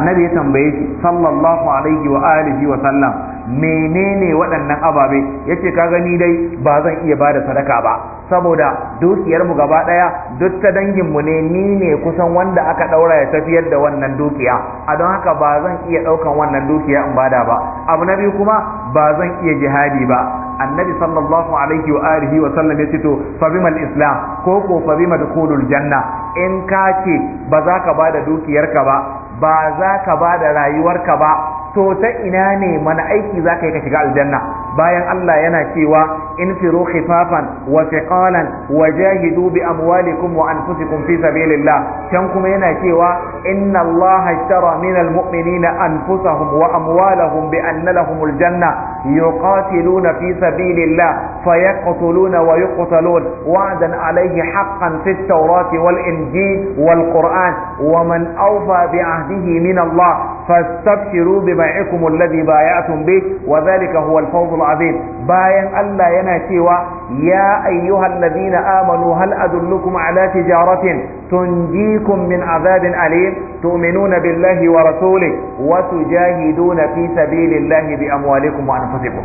S1: annabi ya tambaye shi sallallahu alaihi wa alihi wa sallam menene waɗannan ababe yace ka gani dai ba zan iya ba da sadaka ba saboda dukiyar mu gaba ɗaya duk ta dangin mu ne ni ne kusan wanda aka ɗaura ya tafiyar da wannan dukiya a don haka ba zan iya ɗaukan wannan dukiya in bada ba abu na biyu kuma ba zan iya jihadi ba annabi sallallahu alaihi wa alihi wa sallam ya to fa islam ko ko fa bima dukhulul janna in ka ce ba za ka bada dukiyarka ba ba za ka bada rayuwarka ba to ta ina ne mana aiki za ka yi ka shiga aljanna bayan Allah yana cewa in firu khifafan wa thiqalan wa jahidu bi amwalikum wa anfusikum fi sabilillah can kuma yana cewa inna Allah ishtara min almu'minina anfusahum wa amwalahum bi anna lahumul janna yuqatiluna fi sabilillah فيقتلون ويقتلون وعدا عليه حقا في التوراة والإنجيل والقرآن ومن أوفى بعهده من الله فاستبشروا ببيعكم الذي بايعتم به وذلك هو الفوز العظيم بايع ألا سوى يا أيها الذين آمنوا هل أدلكم على تجارة تنجيكم من عذاب أليم تؤمنون بالله ورسوله وتجاهدون في سبيل الله بأموالكم وأنفسكم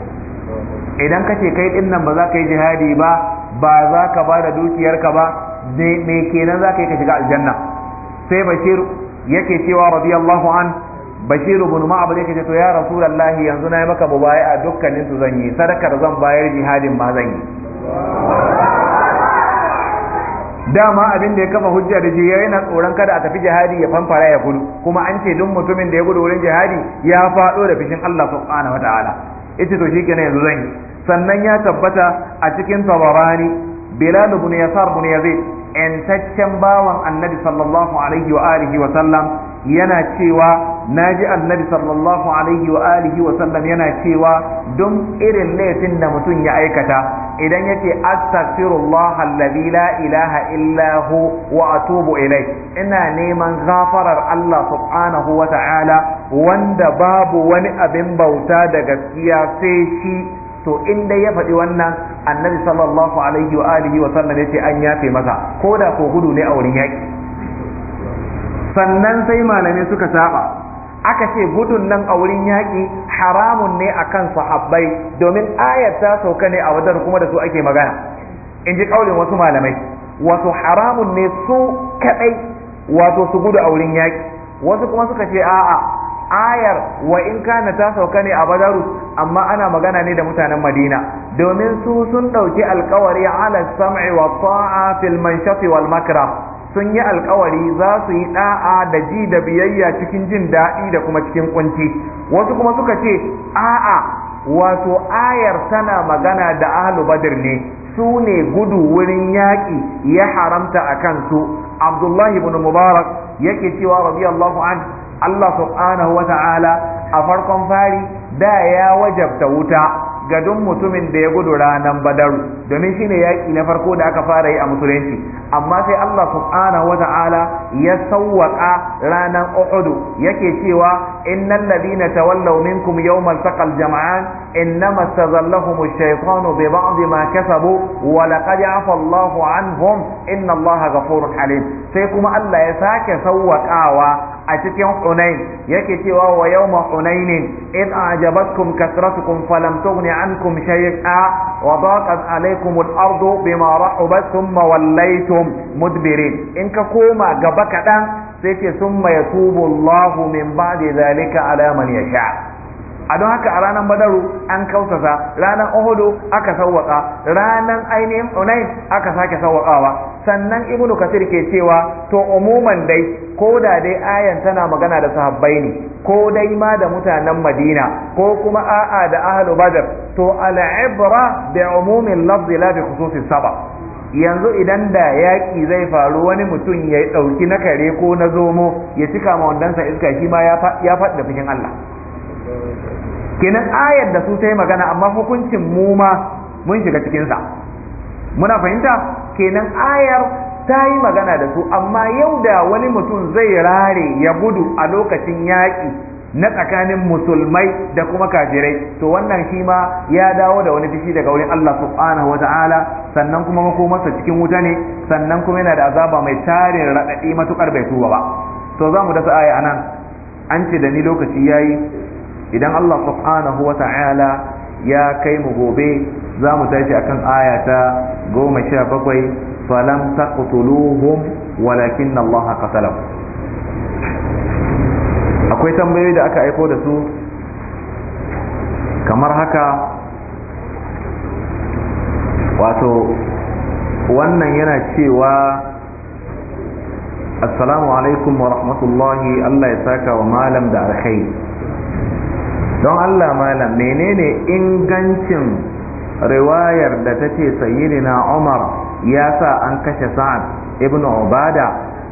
S1: idan ka ce kai din nan ba za ka yi jihadi ba ba za ka ba da dukiyarka ba me kenan za ka yi ka shiga aljanna sai bashir yake cewa radiyallahu an bashir ibn ma'ab yake to ya rasulullahi yanzu na yi maka mubaya'a dukkanin su zan yi sadakar zan bayar jihadin ba zan yi dama abin da ya kafa hujja da jiya yana tsoron kada a tafi jihadi ya fanfara ya gudu kuma an ce duk mutumin da ya gudu wurin jihadi ya faɗo da fishin Allah subhanahu wataala yace to shikenan yanzu zan yi sannan ya tabbata a cikin tabarani bilal ibn yasar ibn yazid entaccen bawan annabi sallallahu alaihi wa alihi wa sallam yana cewa na ji annabi sallallahu alaihi wa alihi wa sallam yana cewa don irin laifin da mutum ya aikata idan yake astaghfirullah alladhi la ilaha illa hu wa atubu ilai ina neman gafarar Allah subhanahu wa ta'ala wanda babu wani abin bauta da gaskiya sai shi to in dai ya faɗi wannan annabi sallallahu alaihi wa alihi wa sallam yace an yafe masa ko da ko gudu ne a wurin yaki sannan sai malamai suka saba aka ce gudun nan a wurin yaƙi haramun ne akan sahabbai domin ayar ta sauka ne a wajen kuma da su ake magana in ji ƙaunin wasu malamai wasu haramun ne su kaɗai wato su gudu a wurin yaƙi wasu kuma suka ce a'a ayar wa in kana ta sauka ne a badaru amma ana magana ne da mutanen madina domin su sun ɗauki alkawari ala sam'i wa ta'a fil manshati wal makra sun yi alkawari za su yi da'a da ji da biyayya cikin jin daɗi da kuma cikin kunci wasu kuma suka ce a'a wato ayar tana magana da ahlu badr ne su ne gudu wurin yaƙi ya haramta a kansu abdullahi ibn mubarak yake cewa radiyallahu an Allah subhanahu wa ta'ala a farkon fari da ya wajabta wuta ga duk mutumin da ya gudu ranar badaru domin shine yaƙi na farko da aka fara yi a musulunci amma sai Allah subhanahu ta'ala ya sawwaka ranar uhudu yake cewa innal ladina tawallaw minkum yawmal taqal jam'an innama tazallahum ash-shaytanu bi ba'd ma kasabu wa laqad Allahu anhum inna Allaha ghafurun halim sai kuma Allah ya sake sawwakawa a cikin Hunain yake cewa wa yawma Hunainin in ajabatkum kasratukum falam tughni عنكم شيئا وضاقت عليكم الأرض بما رحبت ثم وليتم مدبرين إن كوما قبك سيتي ثم يتوب الله من بعد ذلك على من يشاء a don haka a ranar badaru an kautata ranar ohudu aka sawwaka ranar ainihin unai aka sake sawwakawa sannan ibnu kasir ke cewa to umuman dai ko da dai ayan tana magana da sahabbai ne ko dai ma da mutanen madina ko kuma a'a da ahlu badar to al'ibra bi umumin lafzi la bi khususi saba yanzu idan da yaƙi zai faru wani mutum ya ɗauki na kare ko na zomo ya cika ma wandansa iska shi ma ya faɗi da fushin Allah kenan ayar da su ta yi magana amma hukuncin mu ma mun shiga cikinsa muna fahimta kenan ayar ta yi magana da su amma yau da wani mutum zai rare ya gudu a lokacin yaƙi na tsakanin musulmai da kuma kafirai to wannan shi ma ya dawo da wani fishi daga wurin Allah subhanahu wa ta'ala sannan kuma makomarsa cikin wuta ne sannan kuma yana da azaba mai tarin raɗaɗi matuƙar bai tuba ba to za mu dasa aya anan an ce da ni lokaci ya yayi idan Allah subhanahu wa ta'ala ya kai mu gobe za mu tashi kan aya ta goma sha bakwai falam taqtuluhum walakin Allah akwai tambayoyi da aka aiko da su kamar haka wato wannan yana cewa assalamu wa rahmatullahi Allah ya saka wa malam da alkhairi don Allah malam menene ingancin riwayar da ta ce sayyidina Umar ya sa an kashe Sa'ad ibn Ubada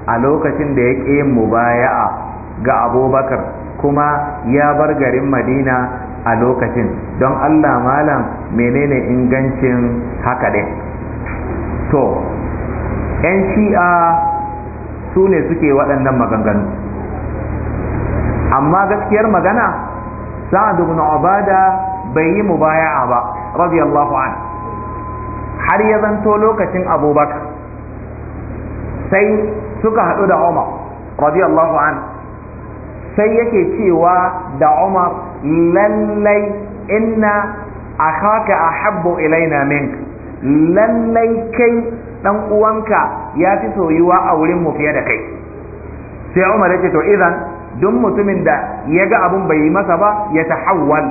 S1: a lokacin da ya ƙi mubaya'a ga Abubakar kuma ya bar garin Madina a lokacin don Allah malam menene ingancin haka dai to 'yan shi'a su ne suke waɗannan maganganu amma gaskiyar magana sa'ad ibn ubada bai yi mubaya'a ba radiyallahu an har ya zanto lokacin abubakar sai suka haɗu da umar radiyallahu an sai yake cewa da umar lallai inna akhaka ahabbu ilaina mink lallai kai dan uwanka ya fi soyuwa a wurin mu fiye da kai sai umar yake to idan duk mutumin da ya ga abin bai yi masa ba ya tahawwal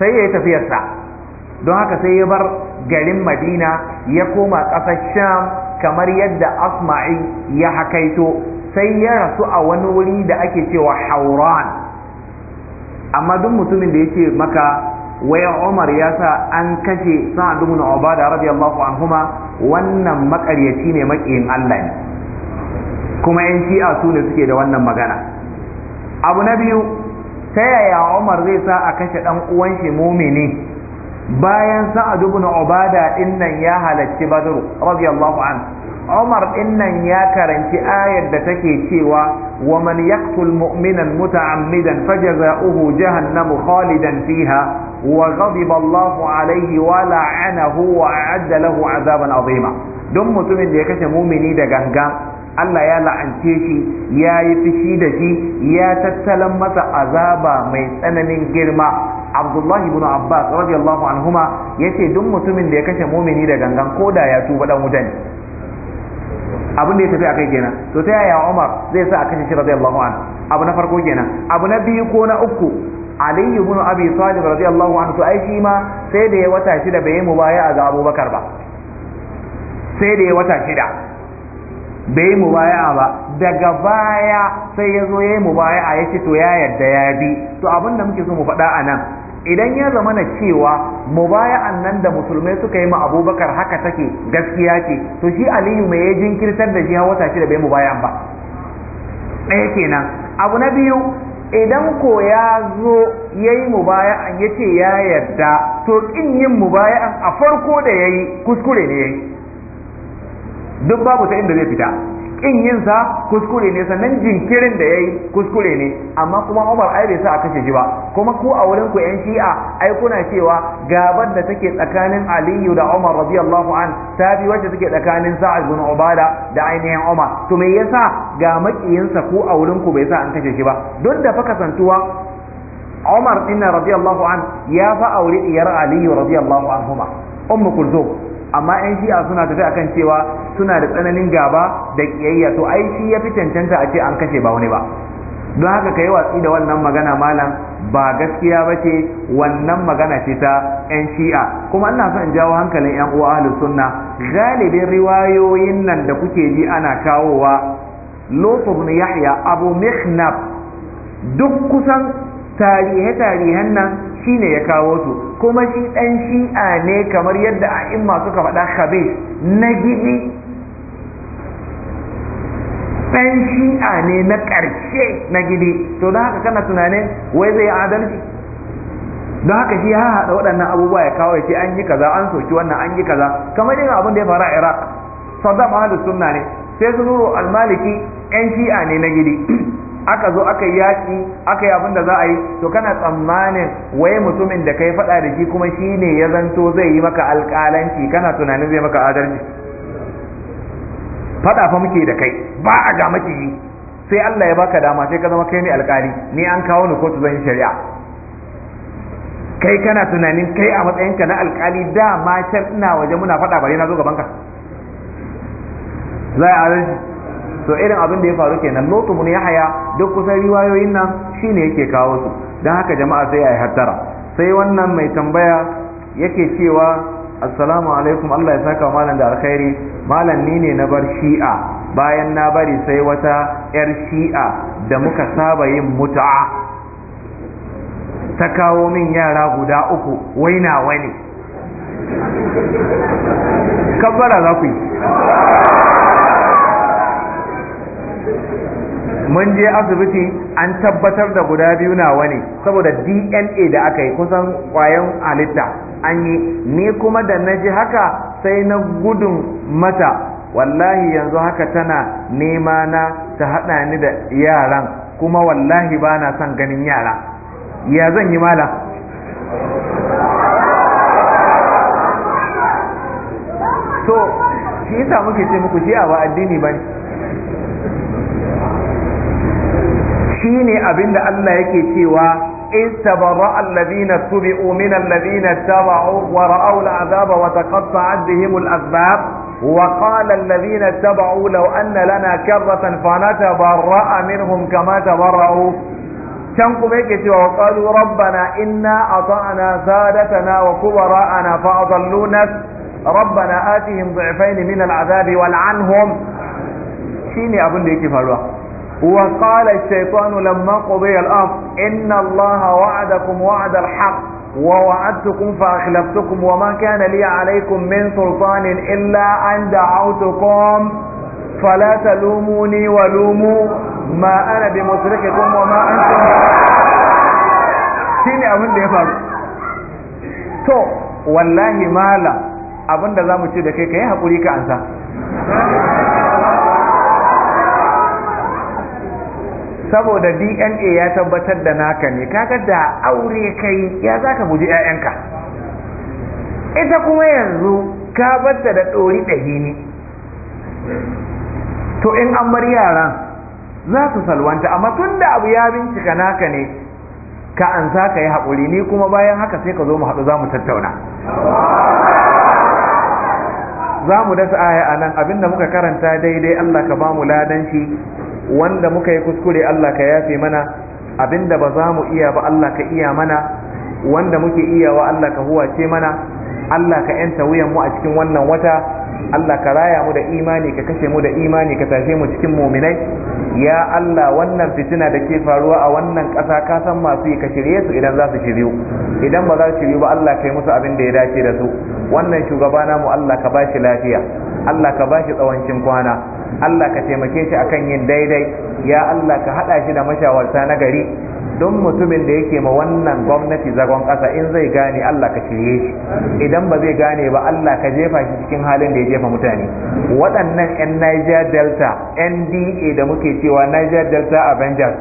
S1: sai ya yi tafiyarsa don haka sai ya bar garin madina ya koma ƙasar sham kamar yadda asma'i ya hakaito sai ya rasu a wani wuri da ake cewa hauran amma duk mutumin da ya ce maka waya umar ya sa an kashe sa'ad ibn ubada radiyallahu anhuma wannan makaryaci ne makiyin Allah kuma yan shi'a su ne suke da wannan magana abu na biyu ta yaya Umar zai sa a kashe dan uwan shi mumini bayan Sa'ad ibn Ubada din nan ya halacci badru radiyallahu anhu Umar din nan ya karanci ayar da take cewa wa man yaqtul mu'minan muta'ammidan fajza'uhu jahannam khalidan fiha alayhi wa عليه wa aadda lahu azaban azima don mutumin da ya kashe mumini da ganga Allah ya la'ance shi ya yi fushi da shi ya tattalan masa azaba mai tsananin girma Abdullahi ibn Abbas radiyallahu anhuma yace duk mutumin da ya kashe mumini da gangan koda ya tuba dan wuta ne da ya tafi akai kenan to ta yaya Umar zai sa a kashe shi radiyallahu an abu na farko kenan abu na biyu ko na uku Ali ibn Abi Talib radiyallahu anhu to ai shi ma sai da ya wata shida bai yi mubaya'a ga Abubakar ba sai da ya wata shida bai yi mubaya'a ba daga baya sai ya zo ya yi mubaya'a ya ce to ya yarda ya bi to abin da muke so mu faɗa a nan idan ya zama na cewa mubaya'an nan da musulmai suka yi ma abubakar haka take gaskiya ce to shi aliyu mai ya jinkirtar da shi wata shida bai mubaya ba ɗaya kenan abu na biyu idan ko ya zo ya yi mubaya'an ya ce ya yarda to ƙin yin mubaya'an a farko da ya yi kuskure ne ya yi duk babu ta inda zai fita in yin sa kuskure ne sannan jinkirin da yayi kuskure ne amma kuma Umar ai bai sa a kashe shi ba kuma ku a wurin ku yan Shi'a ai kuna cewa gaban da take tsakanin Aliyu da Umar radiyallahu an ta bi wacce take tsakanin Sa'ad bin Ubada da ainihin Umar to me yasa ga makiyinsa ku a wurin ku bai sa an kashe shi ba don da fa kasantuwa Umar dinna radiyallahu an ya fa aure iyar Aliyu radiyallahu anhuma Ummu Kulthum amma yan shi'a suna tafi akan cewa suna da tsananin gaba da ƙiyayya to ai shi ya fi cancanta a ce an kashe ba wani ba don haka ka yi watsi da wannan magana malam ba gaskiya ba ce wannan magana ce ta 'yan shi'a kuma ina son in jawo hankalin 'yan uwa ahlus sunna galibin riwayoyin nan da kuke ji ana kawowa lutf ibn yahya abu mihnab duk kusan tarihe-tarihen nan shi ne ya kawo su kuma shi ɗan shi'a ne kamar yadda a imma suka faɗa khabe na gidi ɗan shi'a ne na ƙarshe na gidi to don haka kana tunanin wai zai adalci don haka shi ya haɗa waɗannan abubuwa ya kawo ya ce an yi kaza an soki wannan an yi kaza kamar yin abin da ya fara a iraq saddam ahlus sunna ne sai su nuro almaliki yan shi'a ne na gidi aka zo aka yi yaƙi aka yi abin da za a yi to kana tsammanin wai mutumin da kai faɗa da shi kuma shi ne ya zanto zai yi maka alƙalanci kana tunanin zai maka adalci faɗa fa muke da kai ba a ga maciji sai Allah ya baka dama sai ka zama kai ne alƙali ni an kawo ni kotu zan shari'a kai kana tunanin kai a matsayinka na alƙali dama can ina waje muna faɗa bare na zo gaban ka za a adalci to irin abin da ya faru kenan lotu mun yahaya duk kusan riwayoyin nan shine yake kawo su dan haka jama'a sai ayi hattara sai wannan mai tambaya yake cewa assalamu alaikum Allah ya saka malam da alkhairi malam ni ne na bar shi'a bayan na bari sai wata yar shi'a da muka saba yin muta'a ta kawo min yara guda uku waina wani kabbara za ku yi mun je asibiti an tabbatar da guda biyu na wani saboda dna da aka yi kusan kwayan halitta an yi ni kuma da na ji haka sai na gudun mata wallahi yanzu haka tana nema na ta haɗa ni da yaran kuma wallahi ba na son ganin yara ya zan yi malam to shi yasa muke ce muku shi a ba addini ba ne shine abinda Allah yake cewa استبرأ الذين اتبعوا من الذين اتبعوا ورأوا العذاب وتقطعت بهم الأسباب وقال الذين اتبعوا لو أن لنا كرة فنتبرأ منهم كما تبرأوا تنقم هيك وقالوا ربنا إنا أطعنا سادتنا وكبراءنا فأضلونا ربنا آتهم ضعفين من العذاب والعنهم شيني أبن ليكي فالوقت وقال الشيطان لما قضي الأمر إن الله وعدكم وعد الحق ووعدتكم فأخلفتكم وما كان لي عليكم من سلطان إلا أن دعوتكم فلا تلوموني ولوموا ما أنا بمشرككم وما أنتم shine abin da ya faru to wallahi mala abin da za mu ce da kai ka yi haƙuri ka ansa saboda dna ya tabbatar da naka ne kaga da aure kai ya za ka guji 'ya'yanka ita kuma yanzu ka batta da ɗori ɗahi ne to in an bar yaran za su salwanta amma tun da abu ya bincika naka ne ka an sa ka yi haƙuri ni kuma bayan haka sai ka zo mu haɗu za mu tattauna za mu dasa aya a nan abinda muka karanta daidai Allah ka ba mu ladan wanda muka yi kuskure Allah ka yafe mana abinda ba za mu iya ba Allah ka iya mana wanda muke iya wa Allah ka huwace mana Allah ka yanta wuyan mu a cikin wannan wata Allah ka raya mu da imani ka kashe mu da imani ka tashe mu cikin muminai ya Allah wannan fitina da ke faruwa a wannan ƙasa ka san masu yi ka shirye su idan za su shiryu idan ba za su shiryu ba Allah ka yi musu abin da ya dace da su wannan shugaba mu Allah ka bashi lafiya Allah ka bashi tsawancin kwana Allah ka taimake shi akan yin daidai ya Allah ka haɗa shi da mashawarta na gari don mutumin da yake ma wannan gwamnati zagon ƙasa in zai gane Allah ka shirye shi idan ba zai gane ba Allah ka jefa shi cikin halin da ya jefa mutane waɗannan 'yan Niger Delta NDA da muke cewa Niger Delta Avengers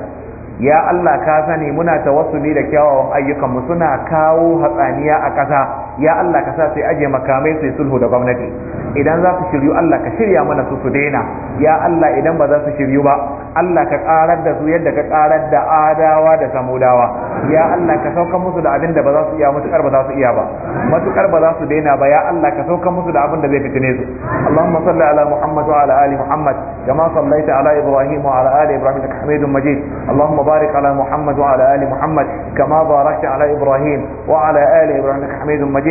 S1: ya Allah ka sani muna tawassuli da kyawawan ayyukanmu suna kawo hatsaniya a ƙasa ya Allah ka sa sai aje makamai sai sulhu da gwamnati idan za su shiryu Allah ka shirya mana su su daina ya Allah idan ba za su shiryu ba Allah ka karar da su yadda ka karar da adawa da samudawa ya Allah ka sauka musu da abin da ba za su iya matukar ba za su iya ba matukar ba za su daina ba ya Allah ka sauka musu da abin da zai fitine su Allahumma salli ala Muhammad wa ala ali Muhammad kama sallaita ala Ibrahim wa ala ali Ibrahim innaka Hamidum Majid Allahumma barik ala Muhammad wa ala ali Muhammad kama barakta ala Ibrahim wa ala ali Ibrahim innaka Hamidum Majid